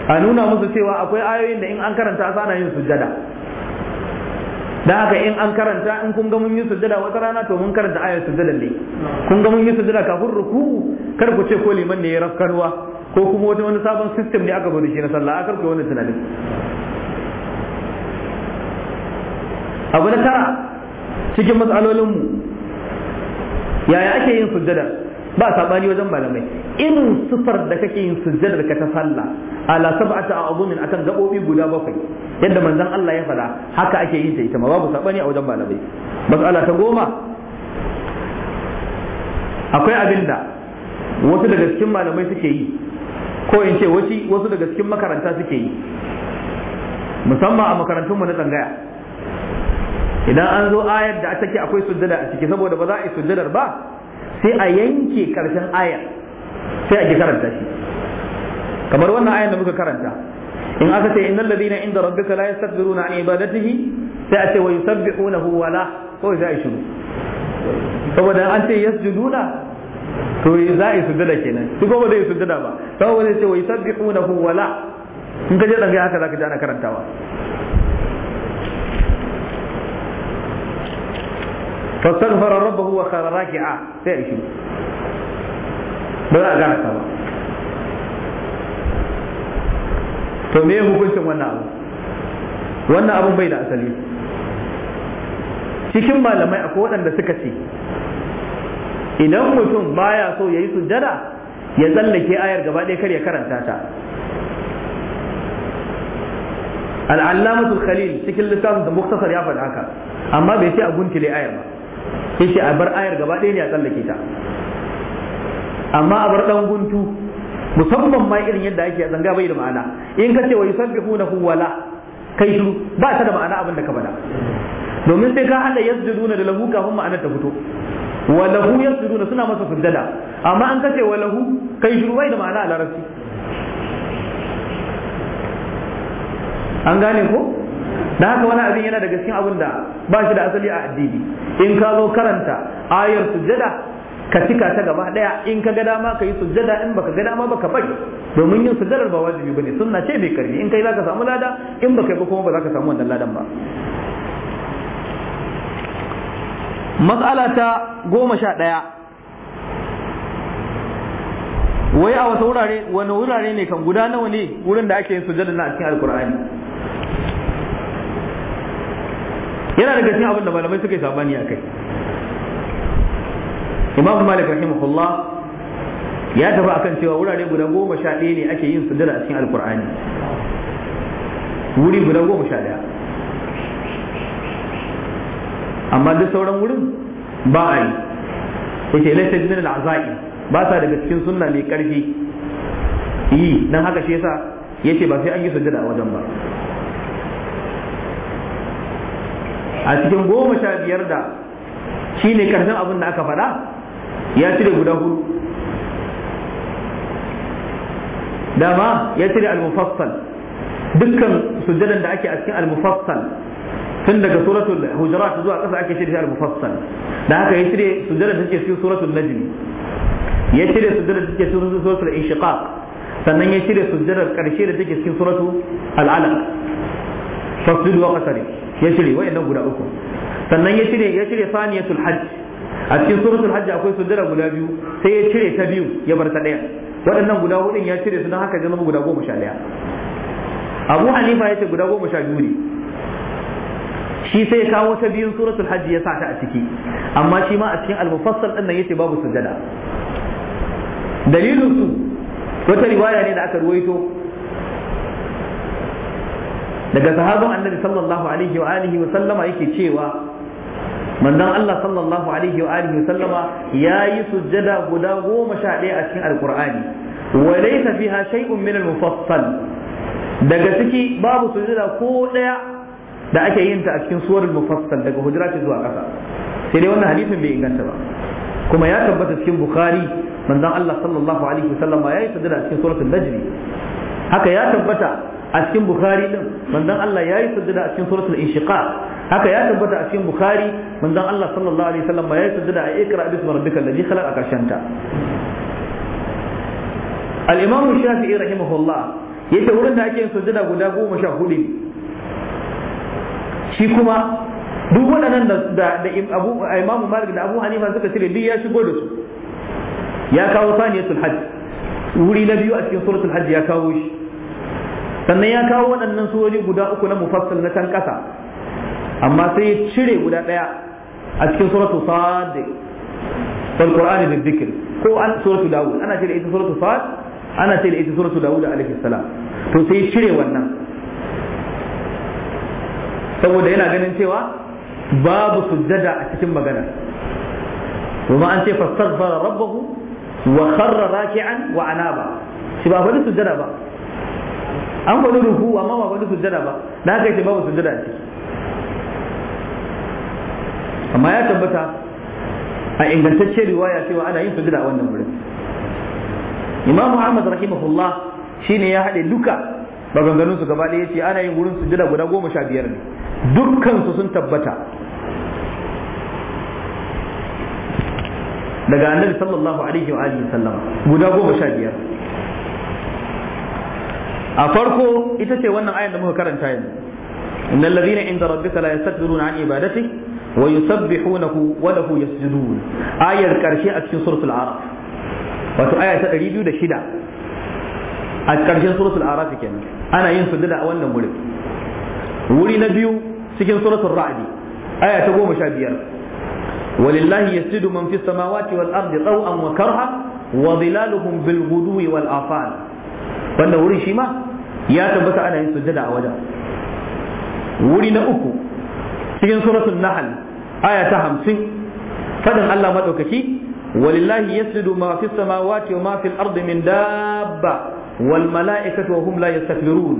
a nuna musu cewa akwai ayoyin da in an karanta su ana yin sujjada da haka in an karanta in kun ga mun yi sujjada wata rana to mun karanta ayar sujjada ne kun ga mun yi sujjada kafin ruku kar ku ce ko liman ne ya rafkarwa ko kuma wata wani sabon system ne aka bari shi na sallah akar ku wani tunanin abu na tara cikin matsalolinmu yaya ake yin sujada? ba sabani wajen malamai irin sufar da kake yin sujjadar ka ta salla, ala sab'ata a'udhu a akan gabobi guda bakwai yadda manzon Allah ya faɗa haka ake yin ta ita ma babu sabani a wajen malamai mas'ala ta goma akwai abinda wasu daga cikin malamai suke yi ko in ce wasu daga cikin makaranta suke yi musamman a mu na tsangaya idan an zo ayar da take akwai sujjada a ciki saboda ba za a yi sujjadar ba sai a yanke karshen aya sai a ki karanta shi kamar wannan ayar da muka karanta in aka ce innal ladina inda rabbika la yastakbiruna an ibadatihi sai a ce wa yusabbihunahu wa la ko sai a shiru saboda an ce yasjuduna to za a yi sujjada kenan su kuma zai yi sujjada ba saboda sai ce wa yusabbihunahu wa la in ka je dan haka zaka ji ana karantawa fastaghfara rabbahu wa khara raki'a sai a shi ba za a ba to me hukuncin wannan abu wannan abun bai da asali cikin malamai akwai waɗanda suka ce idan mutum baya so ya yi sujjada ya tsallake ayar gaba ɗaya kar ya karanta ta al'allamatul khalil cikin lissafin da muktasar ya faɗa haka amma bai ce a guntule ayar ba sai shi a bar ayar gaba ɗaya ne a tsallake ta amma a bar ɗan guntu musamman ma irin yadda ake a zanga bai da ma'ana in ka ce wa yusabbihunahu wala kai shiru ba ta da ma'ana abin da ka bada domin sai ka hada yasjuduna da lahu kafin ma'anar ta fito wa lahu yasjuduna suna masa sujjada amma an kace wa lahu kai shiru bai da ma'ana a larabci an gane ko da haka wani abin yana daga cikin abin da ba shi da asali a addini in ka zo karanta ayar sujada ka cika ta gaba daya in ka ga dama ka yi sujada, in baka ga dama baka bari domin yin sujada ba wajibi bane sunna ce mai karbi in kai zaka samu lada in baka yi ba kuma ba zaka samu wannan ladan ba matsala ta goma sha ɗaya wai a wasu wurare wani wurare ne kan guda nawa ne wurin da ake yin sujada na a cikin alkur'ani yana daga cikin abin da malamai suka yi sabani a kai imam malik rahimahullah ya tafi akan cewa wurare guda goma sha ɗaya ne ake yin sujjada a cikin alkur'ani wuri guda goma sha ɗaya amma duk sauran wurin ba a yi yake laysa jinin al'azai ba sa daga cikin sunna mai karfi yi dan haka shi yasa yace ba sai an yi sujjada a wajen ba a cikin goma sha biyar da shi ne karshen abin da aka faɗa ya cire guda hudu dama ya cire al-mufassal dukkan sujjadan da ake a cikin al-mufassal tun daga suratul hujurat zuwa ƙasa ake cire al-mufassal da haka ya cire sujjadan da take cikin suratul najm ya cire sujjadan da take cikin suratul inshiqaq sannan ya cire sujjadan karshe da take cikin suratul al-alaq fasjudu wa qasari ya cire wayannan guda uku sannan ya cire ya cire saniyatul hajj a cikin suratul hajj akwai sujjada guda biyu sai ya cire ta biyu ya bar ta daya waɗannan guda hudun ya cire su don haka zama guda goma sha daya abu hanifa ya ce guda goma sha biyu ne shi sai kawo ta biyun suratul hajji ya sa ta a ciki amma shi ma a cikin al-mufassal din nan yace babu sujjada dalilin su wata riwaya ne da aka ruwaito daga sahabban annabi sallallahu alaihi wa alihi wa sallama yake cewa manzon Allah sallallahu alaihi wa alihi wa sallama yayi sujjada guda goma sha ɗaya a cikin alqur'ani wa laysa fiha shay'un min al-mufassal daga ciki babu sujjada ko ɗaya da ake yin ta a cikin suwar mufassal daga hujrati zuwa ƙasa sai dai wannan hadisin bai inganta ba kuma ya tabbata cikin bukhari manzon Allah sallallahu alaihi wa sallama yayi sujjada a cikin suratul najm haka ya tabbata a cikin bukhari din manzon Allah yayi sujjada a cikin suratul inshiqaq haka ya tabbata a cikin bukhari manzon Allah sallallahu alaihi wasallam yayi sujjada a ikra bismi rabbikal ladhi khalaq a karshen ta al-imam shafi'i rahimahullah yace wurin da ake yin sujjada guda goma sha hudu shi kuma duk waɗannan da imamu malik da abu hanifa suka cire duk ya shigo da su ya kawo saniyatul hajj wuri na biyu a cikin suratul hajj ya kawo shi sannan ya kawo waɗannan surori guda uku na mufassal na can ƙasa amma sai ya cire guda ɗaya a cikin suratul sadiq wal qur'ani bil dhikr ko an suratul daud ana cire ita suratul sad ana cire ita suratul daud alaihi salam to sai ya cire wannan saboda yana ganin cewa babu sujjada a cikin magana kuma an ce fastaghfara rabbahu wa kharra raki'an wa anaba shi ba faɗi sujjada ba an faɗi ruku amma ba faɗi sujjada ba da haka yake babu sujjada ce amma ya tabbata a ingantacce riwaya cewa ana yin sujjada a wannan wurin imamu ahmad rahimahullah shine ya haɗe duka maganganun su gaba ɗaya ce ana yin wurin sujjada guda goma sha biyar ne dukkan su sun tabbata daga annabi sallallahu alaihi wa alihi sallam guda goma sha biyar a farko ita ce wannan ayan da muka karanta yanzu Inna ladhina inda rabbika la yastakbiruna an ibadati wa yusabbihunahu wa lahu yasjudun ayar karshe a cikin suratul araf wato aya ta 206 a karshen suratul araf kenan ana yin sujada a wannan wurin wuri na biyu cikin suratul ra'd aya ta 15 walillahi yasjudu man fis samawati wal ardi taw'an wa karha wa wanda wurin shi ma ya tabbata ana yin sujjada a wajen wuri na uku cikin suratul nahl aya ta hamsin fadan Allah madaukaki walillahi yasjudu ma fis samawati wa ma fil ardi min dabba والملائكة وهم لا يستكبرون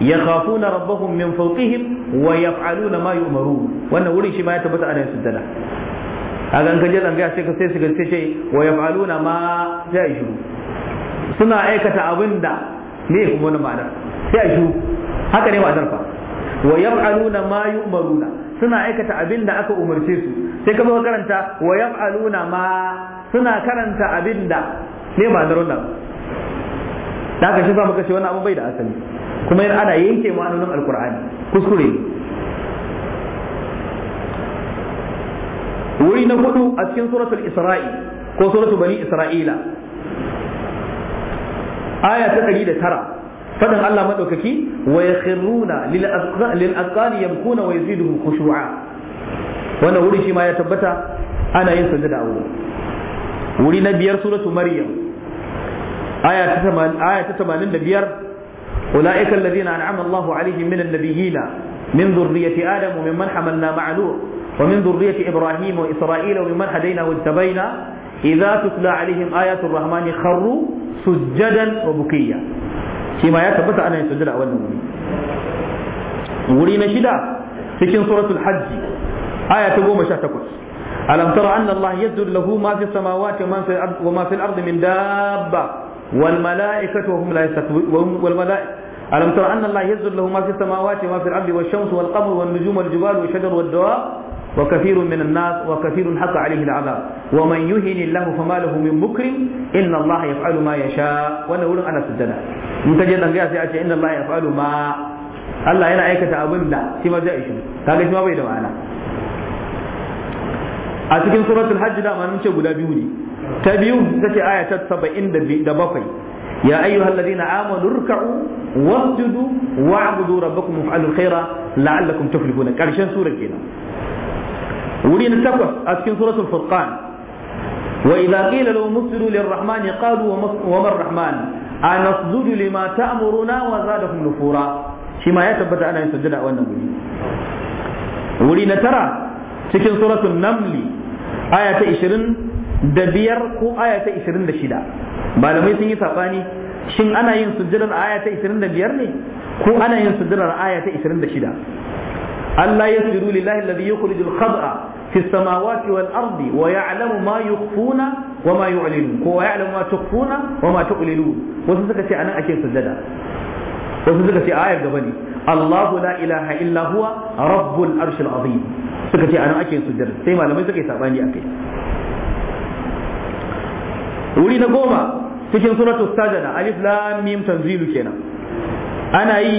يخافون ربهم من فوقهم ويفعلون ما يؤمرون وأن وري شما يتبت على السجدة a gan kaje zanga sai ka sai su gaske ce wa yaf'aluna ma sai a shiru suna aikata abin da ne kuma wani ma'anar sai a shiru haka ne ma'anar fa wa yaf'aluna ma yu'maruna suna aikata abin da aka umarce su sai ka zo karanta wa yaf'aluna ma suna karanta abin da ne ma'anar wannan da aka shi sa muka ce wani abu bai da asali kuma yana ana yanke ma'anonin alkur'ani kuskure wuri na hudu a cikin suratul isra'i ko suratul bani isra'ila aya ta ɗari da tara fadin Allah madaukaki wa ya yakhruna lil azqani yamkuna wa yaziduhum khushu'a wannan wuri shi ma ya tabbata ana yin sujada a wurin wuri na biyar suratu maryam aya ta 85 أولئك الذين allahu الله عليهم من النبيين من ذرية آدم وممن حملنا مع نوح ومن ذرية إبراهيم وإسرائيل وممن هدينا واجتبينا إذا تتلى عليهم آيات الرحمن خروا سجدا وبكيا فيما يتبت أنا يسجد أول نوري ورينا شدا في سورة الحج آية تقوم شاتكوس ألم تر أن الله يسجد له ما في السماوات وما في الأرض من دابة والملائكة وهم لا يستكبرون والملائكة ألم تر أن الله يسجد له ما في السماوات وما في الأرض والشمس والقمر والنجوم والجبال والشجر والدواب وكثير من الناس وكثير حق عليه العذاب ومن يهن الله فما له من مكرم ان الله يفعل ما يشاء وانا اقول انا سدنا in ka je dangaya sai a ce inna Allah ya falu ma Allah yana aikata abin da shi ma a shi kaga shi ma bai da ma'ana a cikin suratul hajj da ma ce guda biyu ne ta biyu ta ce aya ta 77 ya ayyuhal ladina amanu ruk'u wasjudu wa'budu rabbakum waf'alul khaira la'allakum tuflihuna karshen sura kenan wuri na takwas a cikin suratul furqan wa idza qila lahum musjudu lirrahmani qalu wa man rahman anasjudu lima ta'muruna wa zadahum nufura shi ma ya tabbata ana yin sujjada a wannan guri wuri na tara cikin suratul namli aya ta 20 da biyar ko aya ta 26 malamai sun yi sabani shin ana yin sujjadar aya ta 25 ne ko ana yin sujjadar aya ta 26 Allah ya siru lillahi alladhi yukhrijul khab'a fi samawati wal ardi wa ya'lamu ma yukhfuna wa ma yu'linu ko wa ya'lamu ma tukhfuna wa ma tu'linu wasu suka ce anan ake sujjada wasu suka ce ayar gaba ne Allah la ilaha illa huwa rabbul arshil azim suka ce anan ake sujjada sai malamai suka yi sabani akai wuri na goma cikin suratul sajada alif lam mim tanzilu kenan ana yi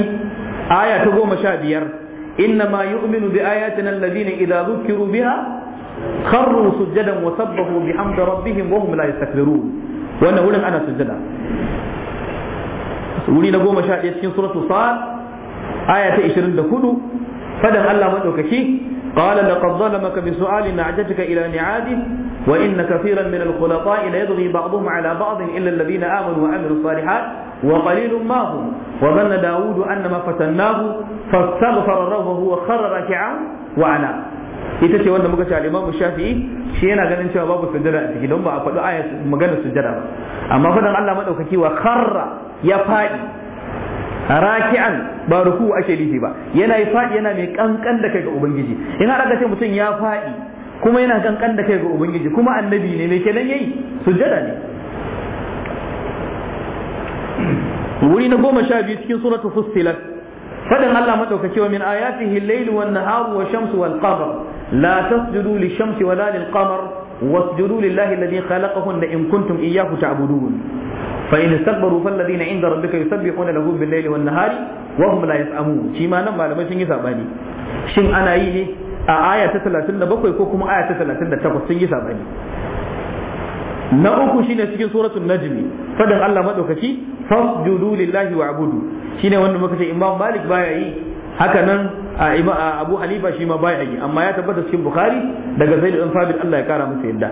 aya ta goma sha biyar إنما يؤمن بآياتنا الذين إذا ذكروا بها خروا سجدا وسبحوا بحمد ربهم وهم لا يستكبرون وأنا أقول أنا سجدا wuri na goma sha ɗaya cikin suratu sa'ad aya ta ishirin da hudu fadan Allah maɗaukaki قال لقد ظلمك بسؤال نعجتك إلى نعاده وإن كثيرا من الخلطاء ليضغي بعضهم على بعض إلا الذين آمنوا وعملوا الصالحات وقليل ما هم وظن داود أن ما فتناه فاستغفر ربه وخر راكعا وعنا ita ce wanda muka ce al-Imam Shafi'i shi yana ganin cewa babu sujada a ciki don ba a faɗi aya maganar sujada ba amma fadan Allah madaukaki wa kharra ya faɗi raki'an ba ruku ake nufi ba yana yi faɗi yana mai kankan da kai ga ubangiji in har aka ce mutum ya faɗi kuma yana kankan da kai ga ubangiji kuma annabi ne mai kenan yayi sujjada ne wuri na goma sha biyu cikin suratul fussilat fadin Allah madaukaki wa min ayatihi al-layl wan nahar wa shamsu wal qamar la tasjudu lish-shamsi wa la lil-qamar wasjudu lillahi alladhi khalaqahunna in kuntum iyyahu ta'budun فإن استكبروا فالذين عند ربك يسبحون له بالليل والنهار وهم لا يسأمون شي ما نم malamai sun yi sabani shin ana yi ne a aya ta 37 ko kuma aya ta 38 sun yi sabani na uku shine cikin suratul najmi fadan Allah madaukaki fasjudu lillahi wa'budu shine wanda muka ce Imam Malik baya yi haka nan Abu Hanifa shi ma baya yi amma ya tabbata cikin Bukhari daga Zaid bin Thabit Allah ya kara masa yadda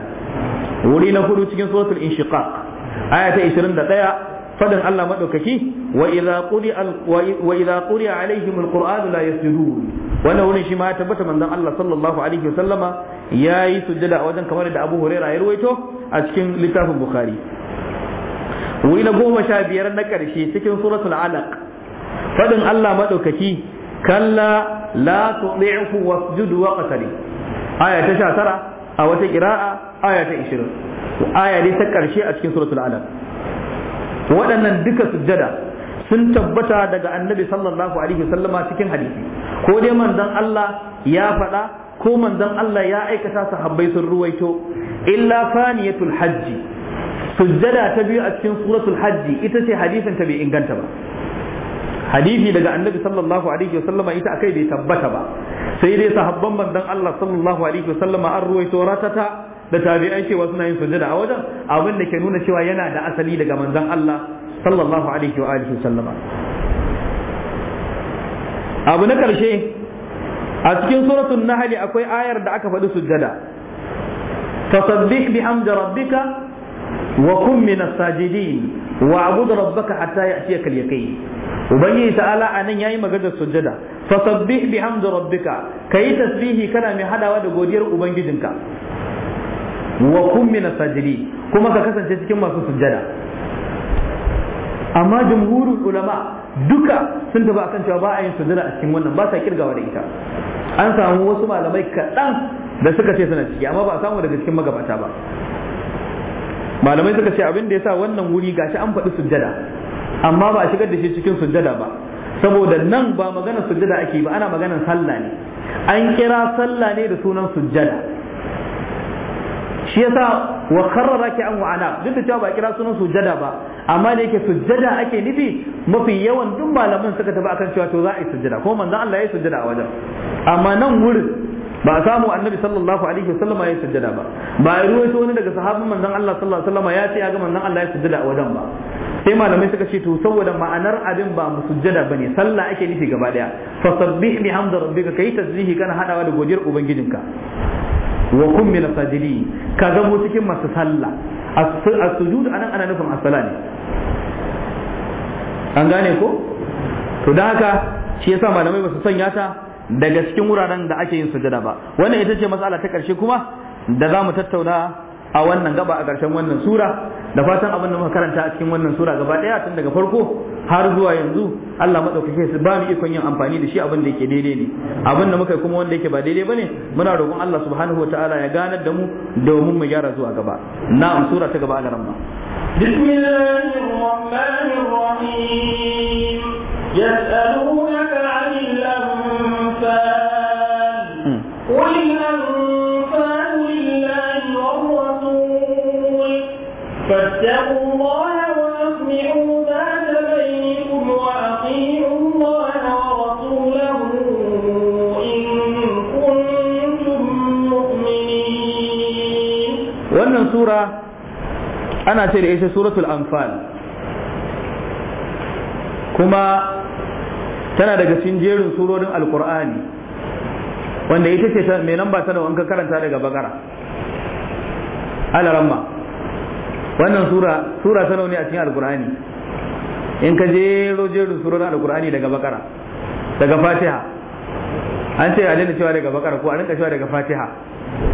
wuri na hudu cikin suratul inshiqaq aya ta 21 fadin Allah madaukaki wa idza quri wa idza quri la yasjudun wannan wurin shi ma ya tabbata manzon Allah sallallahu alaihi wasallama yayi sujada a wajen kamar da Abu Hurairah ya ruwaito a cikin littafin Bukhari wuri goma sha biyar na ƙarshe cikin suratul alaq Faɗin Allah madaukaki kalla la tudi'hu wasjud waqtari aya ta 19 a wata ƙira'a aya ta 20 aya dai ta ƙarshe a cikin suratul alam waɗannan duka sujjada sun tabbata daga annabi sallallahu alaihi wasallama cikin hadisi ko dai manzon Allah ya faɗa ko manzon Allah ya aikata sahabbai sun ruwaito illa faniyatul hajji sujjada ta biyu a cikin suratul hajji ita ce hadisin ta bai inganta ba hadisi daga annabi sallallahu alaihi sallama ita akai bai tabbata ba sai dai sahabban manzon Allah sallallahu alaihi sallama an ruwaito ratata da tabi'ai cewa suna yin sujada a wajen abin da ke nuna cewa yana da asali daga manzon Allah sallallahu alaihi wa alihi abu na karshe a cikin suratul nahl akwai ayar da aka faɗi sujada fasabbih bihamdi rabbika wa kun minas sajidin wa abudu rabbaka hatta ya'tiyaka al-yaqin ubangiji ta'ala anan yayi maganar sujjada fasabbih bihamdi rabbika kayi tasbihi kana mai hadawa da godiyar ubangijinka wa kun min kuma ka kasance cikin masu sujjada amma jumhurul ulama duka sun tafi akan cewa ba a yin sujjada a cikin wannan ba sa kirgawa da ita an samu wasu malamai kaɗan da suka ce suna ciki amma ba a samu daga cikin magabata ba malamai suka ce abin da yasa wannan wuri gashi an faɗi sujjada amma ba a shigar da shi cikin sujjada ba saboda nan ba maganar sujjada ake ba ana maganar sallah ne an kira sallah ne da sunan sujjada shi yasa wa kharrara ki an wa'ana duk da cewa ba kira sunan sujjada ba amma da yake sujjada ake nufi mafi yawan duk malaman suka tafi akan cewa to za a yi sujjada ko manzon Allah ya yi sujjada a wajen amma nan wurin ba a samu annabi sallallahu alaihi wasallam ya sujjada ba ba ya ruwaito wani daga sahabban manzon Allah sallallahu alaihi wasallam ya ce ya ga manzon Allah ya sujjada a wajen ba sai malamai suka ce to saboda ma'anar abin ba musujjada bane sallah ake nufi gaba daya fa sabbih bihamdi rabbika kai tasbihi kana hadawa da godiyar ubangijinka wa kun min sajidi ka zamo cikin masu sallah as-sujud anan ana nufin as-sala ne an gane ko to dan haka shi yasa malamai ba su sanya ta daga cikin wuraren da ake yin sujada ba wannan ita ce matsala ta ƙarshe kuma da za mu tattauna a wannan gaba a ƙarshen wannan sura da fatan abin da muka karanta a cikin wannan sura gaba ɗaya tun daga farko har zuwa yanzu Allah madaukake su ba mu ikon yin amfani da shi abin da yake daidai ne abin da muka kuma wanda yake ba daidai bane muna roƙon Allah subhanahu Ta'ala ya ganar da mu domin mu gyara zuwa gaba na'am sura ta gaba a garan ma Bismillahirrahmanirrahim الله فاتقوا الله وأطيعوا ذات بينكم وأطيعوا الله ورسوله إن كنتم مؤمنين كما tana daga cikin jerin surorin alkur'ani wanda ita ce mai nan ba ta da wanka karanta daga bakara alaramma wannan sura sura ta ne a cikin alkur'ani in ka jero jerin surorin alkur'ani daga bakara daga fatiha an ce a daina cewa daga bakara ko a dinda cewa daga fatiha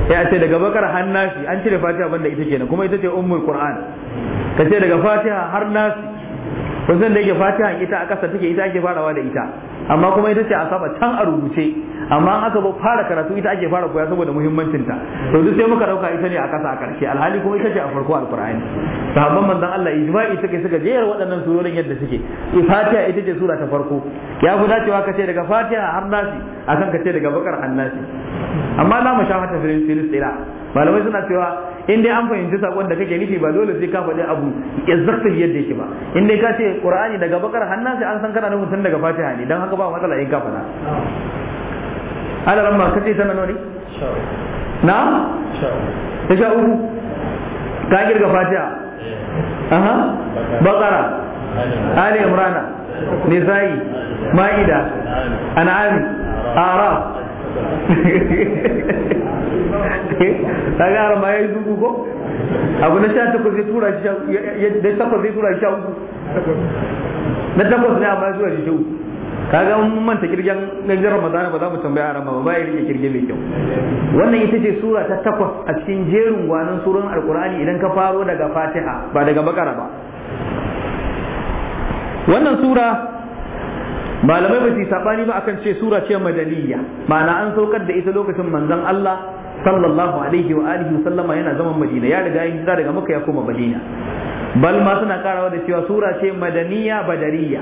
sai a ce daga bakara har nasi an cire fatiha banda ita kenan kuma ita ce ummul qur'an ka ce daga fatiha har nasi kun san da yake fatiha ita a kasa take ita ake farawa da ita amma kuma ita ce a saba can a rubuce amma aka ba fara karatu ita ake fara koya saboda muhimmancinta to duk sai muka dauka ita ne a kasa a karshe alhali kuma ita ce a farko alqur'ani sahabban manzon Allah ijma'i suka suka jeyar waɗannan surorin yadda suke eh, fatiha ita ce sura ta farko ya fi dacewa ka ce daga fatiha har nasi akan ka ce daga bakar annasi amma na mu sha mata firin tsira. malamai suna cewa in dai an fahimci sakon da kake nufi ba dole sai ka faɗi abu exactly yadda yake ba in dai ka ce qur'ani daga bakar hannan sai an san kana nufin tun daga fatiha ne dan haka ba matsala in ka faɗa ala ramma ka ce nawa ne na ta sha uku ka girga fatiha aha bakara ali imrana nisa'i ma'ida an'ami araf ta gara ma ya yi zugu ko abu na sha takwas ya tura shi ya takwas ya tura shi sha uku na takwas ne amma ya tura shi sha uku kaga mun manta kirgen na gangar ramadana ba za mu tambaya arama ba ya rike kirge mai kyau wannan ita ce sura ta takwas a cikin jerin gwanan suran alkur'ani idan ka faro daga fatiha ba daga bakara ba wannan sura malamai ba su sabani ba akan ce sura ce madaniya ma'ana an saukar da ita lokacin manzon Allah sallallahu alaihi wa alihi wa sallama yana zaman Madina ya riga yin daga Makka ya koma Madina bal ma suna karawa da cewa sura ce madaniya badariya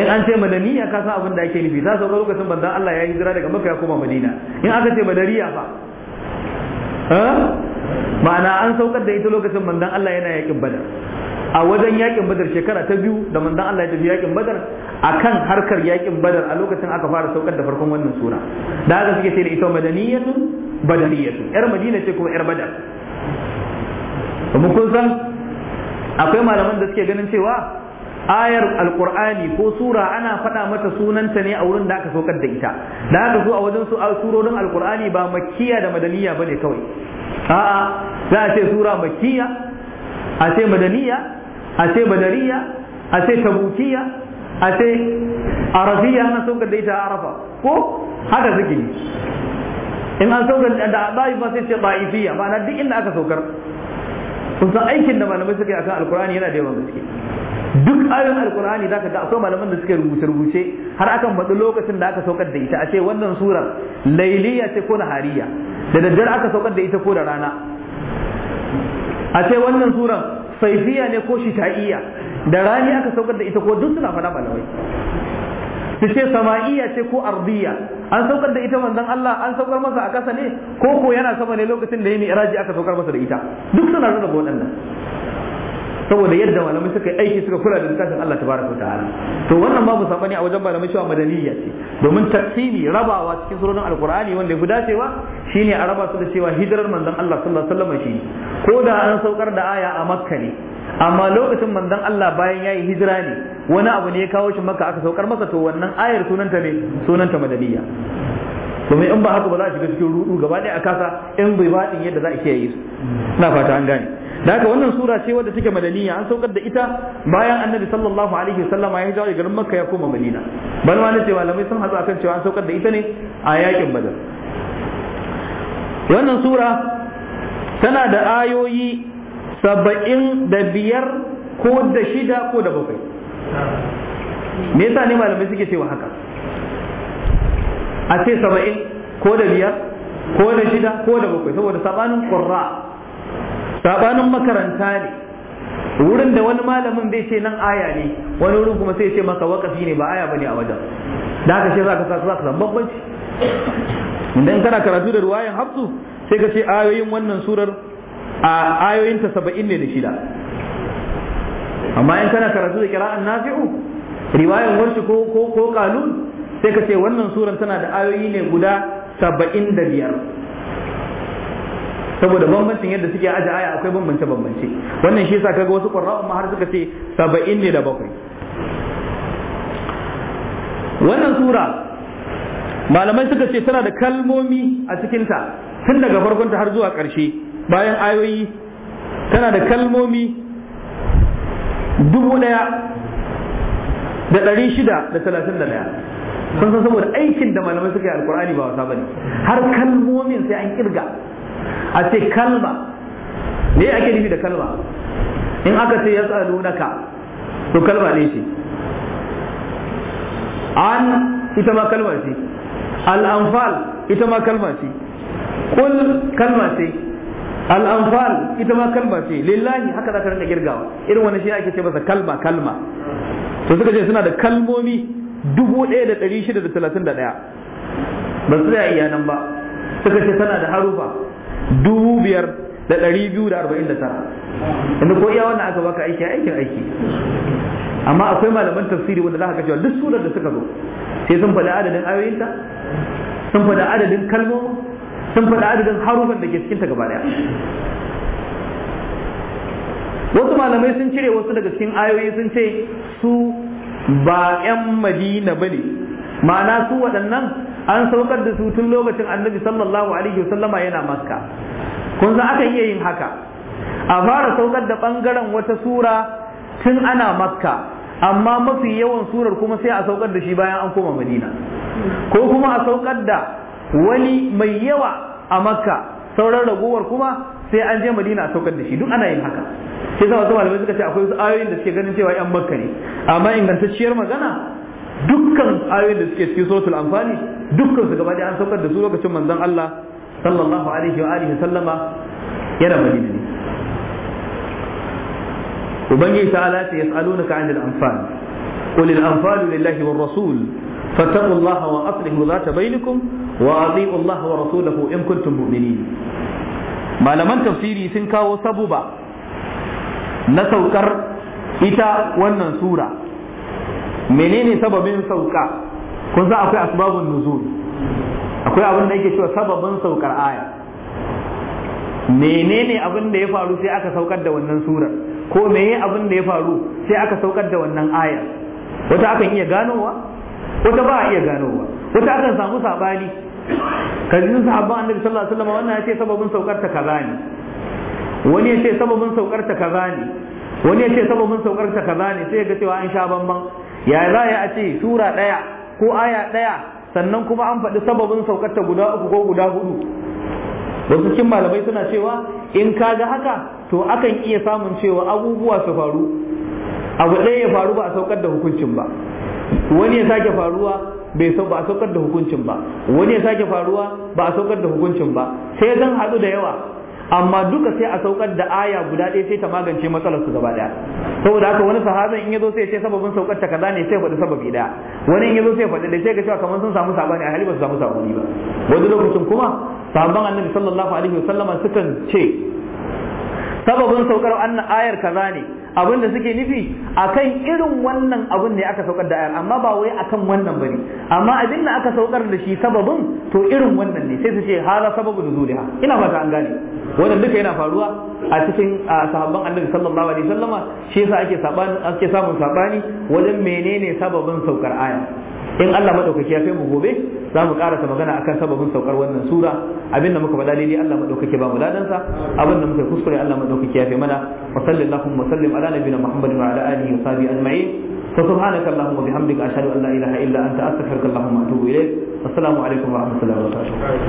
in an ce madaniya ka san abin da ake nufi su ga lokacin manzon Allah ya yi hijira daga Makka ya koma Madina in aka ce madariya fa ma'ana an saukar da ita lokacin manzon Allah yana yakin Badar a wajen yakin badar shekara ta biyu da manzon Allah ya tafi yakin badar akan harkar yakin badar a lokacin aka fara saukar da farkon wannan sura da haka suke sai da ita madaniyatu badaniyatu yar madina ce kuma yar badar kuma kun san akwai malaman da suke ganin cewa ayar alqur'ani ko sura ana faɗa mata sunanta ne a wurin da aka saukar da ita da haka su a wajen su surorin alqur'ani ba makkiya da madaniya bane kawai a'a za a ce sura makkiya a ce madaniya a ce badariya a ce tabukiya a ce arabiya na saukar da ita arafa ko haka suke ne? in an sauka da ɗa'if ba sai ce ɗa'ifiya ba na duk inda aka saukar kun san aikin da malamai suka yi akan alkur'ani yana da yawan gaske duk ayoyin alkur'ani zaka ga akwai malaman da suke rubuce rubuce har akan faɗi lokacin da aka saukar da ita a ce wannan surar lailiya ce ko nahariya da daddare aka saukar da ita ko da rana a ce wannan surar saifiya ne ko shita'iya da rani aka saukar da ita ko duk suna faɗa malamai su ce sama'iya ce ko ardiya an saukar da ita manzon Allah an saukar masa a kasa ne ko ko yana sama ne lokacin da ya mi'raji aka saukar masa da ita duk suna nuna waɗannan saboda yadda malamai suka yi aiki suka kula da littafin Allah tabaraka wa ta'ala to wannan babu sabani a wajen malamai cewa madaniya ce domin tafsiri rabawa cikin surorin alqur'ani wanda ya yafi dacewa shine a raba su da cewa hijirar manzon Allah sallallahu alaihi wasallam shine ko da an saukar da aya a makka ne amma lokacin manzon Allah bayan yayi hijira ne wani abu ne ya kawo shi makka aka saukar masa to wannan ayar sunanta ne sunanta madaniya domin in ba haka ba za a shiga cikin rudu gaba ɗaya a kasa in bai ba baɗin yadda za a kiyaye su na fata an gane haka wannan sura ce wadda take madaniya an saukar da ita bayan annabi sallallahu alaihi wasallama ya hijira garin makka ya koma madina ban wani cewa malamai sun hatsa akan cewa an saukar da ita ne a yakin badar wannan sura tana da ayoyi saba'in da biyar ko da shida ko da bakwai me yasa ne malamai suke cewa haka a ce saba'in ko da biyar ko da shida ko da bakwai saboda sabanin qur'a sabanin makaranta ne wurin da wani malamin bai ce nan aya ne wani wurin kuma sai ce maka wakafi ne ba aya bane a wajen da haka shi za ka za ka san bambanci idan kana karatu da ruwayan hafsu sai ka ce ayoyin wannan surar a ayoyin ta saba'in ne da shida amma in kana karatu da kira'an nafi'u riwayan warshi ko ko ko kalun sai ka ce wannan surar tana da ayoyi ne guda saba'in da biyar saboda bambancin yadda suke aje aya akwai bambance bambance wannan shi yasa kaga wasu qurra'u ma har suka ce 70 ne da bakwai wannan sura malamai suka ce tana da kalmomi a cikinta tun daga farkonta har zuwa ƙarshe bayan ayoyi tana da kalmomi dubu ɗaya da ɗari shida da talatin da ɗaya sun san saboda aikin da malamai suka yi alkur'ani ba wasa ne har kalmomin sai an kirga a ce kalma ne ake nufi da kalma in aka ce ya tsaro naka to kalma ne ce an ita ma kalma ce al'amfal ita ma kalma ce kul kalma ce al'amfal ita ma kalma ce lillahi haka za ka rinka girgawa irin wani shi ake ce masa kalma kalma to suka ce suna da kalmomi dubu ɗaya da ɗari shida da talatin da ɗaya ba su da iya nan ba suka ce tana da harufa dubu biyar da ɗari biyu da arba'in da tara inda ko iya wannan aka baka aiki aikin aiki amma akwai malaman tafsiri wanda za ka cewa duk surar da suka zo sai sun faɗi adadin ayoyinta sun faɗi adadin kalmomin sun faɗi adadin harufan da ke cikin ta gaba ɗaya wasu malamai sun cire wasu daga cikin ayoyi sun ce su ba 'yan madina ba ne ma'ana su waɗannan an saukar da su tun lokacin annabi sallallahu alaihi wasallama yana makka kun san aka iya yin haka a fara saukar da bangaren wata sura tun ana makka amma mafi yawan surar kuma sai a saukar da shi bayan an koma madina ko kuma a saukar da wani mai yawa a makka sauran ragowar kuma sai an je madina a saukar da shi duk ana yin haka sai sa wasu malamai suka ce akwai wasu ayoyin da suke ganin cewa yan makka ne amma ingantacciyar magana dukkan ayoyin da suke cikin suratul anfali dukkan su gaba da an saukar da su lokacin manzon Allah sallallahu alaihi wa alihi sallama yana madina ne ubangiji ta'ala ta yas'alunaka 'anil anfal qul al anfalu lillahi فاتقوا الله واصلحوا ذات بينكم واطيعوا الله ورسوله ان كنتم مؤمنين malaman tafsiri sun kawo sabuba na saukar ita wannan sura menene sababin sauka kun san akwai asbabun nuzul akwai abin da yake cewa sababin saukar aya menene abin da ya faru sai aka saukar da wannan surar ko meye abin da ya faru sai aka saukar da wannan aya wata akan iya ganowa wata ba a iya ganowa wata akan samu sabani kazin sahabban annabi sallallahu alaihi wasallam wannan yace sababin saukar ta kaza ne wani yace sababin saukar ta kaza ne wani yace sababin saukar ta kaza ne sai ga cewa an sha bamban ya za a ce tura ɗaya ko aya ɗaya sannan kuma an faɗi sababin saukarta guda uku ko guda hudu wasu cikin malamai suna cewa in ka ga haka to akan iya samun cewa abubuwa su faru abu ɗaya ya faru ba a saukar da hukuncin ba wani ya sake faruwa bai sau ba a saukar da hukuncin ba wani ya sake faruwa ba a saukar da hukuncin ba sai zan haɗu da yawa amma duka sai a saukar da aya guda ɗaya sai ta magance matsalar su gaba ɗaya saboda haka wani sahaban in yazo sai ya ce sababin saukar ta kaza ne sai faɗi sababi ɗaya wani in yazo sai faɗi da sai ga cewa kamar sun samu sabani a hali ba su samu sabani ba wani lokacin kuma sahabban annabi sallallahu alaihi wasallama sukan ce sababin saukar annan ayar kaza ne abin da suke nufi akan irin wannan abin ne aka saukar da ayar amma ba wai akan wannan bane amma abin da aka saukar da shi sababin to irin wannan ne sai su ce hala sababu nuzuliha ina fata an gane wannan duka yana faruwa a cikin sahabban annabi sallallahu alaihi wasallama shi yasa ake ake samun sabani wajen menene sababin saukar aya in Allah madaukaki ya kai mu gobe za mu karasa magana akan sababin saukar wannan sura abinda muka faɗa daidai Allah madaukaki ba mu ladan sa abinda muka kuskure Allah madaukaki ya kai mana wa sallallahu wa sallim ala nabiyina muhammadin wa ala alihi wa sahbihi ajma'in fa subhanaka allahumma bihamdika ashhadu an la ilaha illa anta astaghfiruka allahumma wa atubu ilayk assalamu alaikum wa rahmatullahi wa barakatuh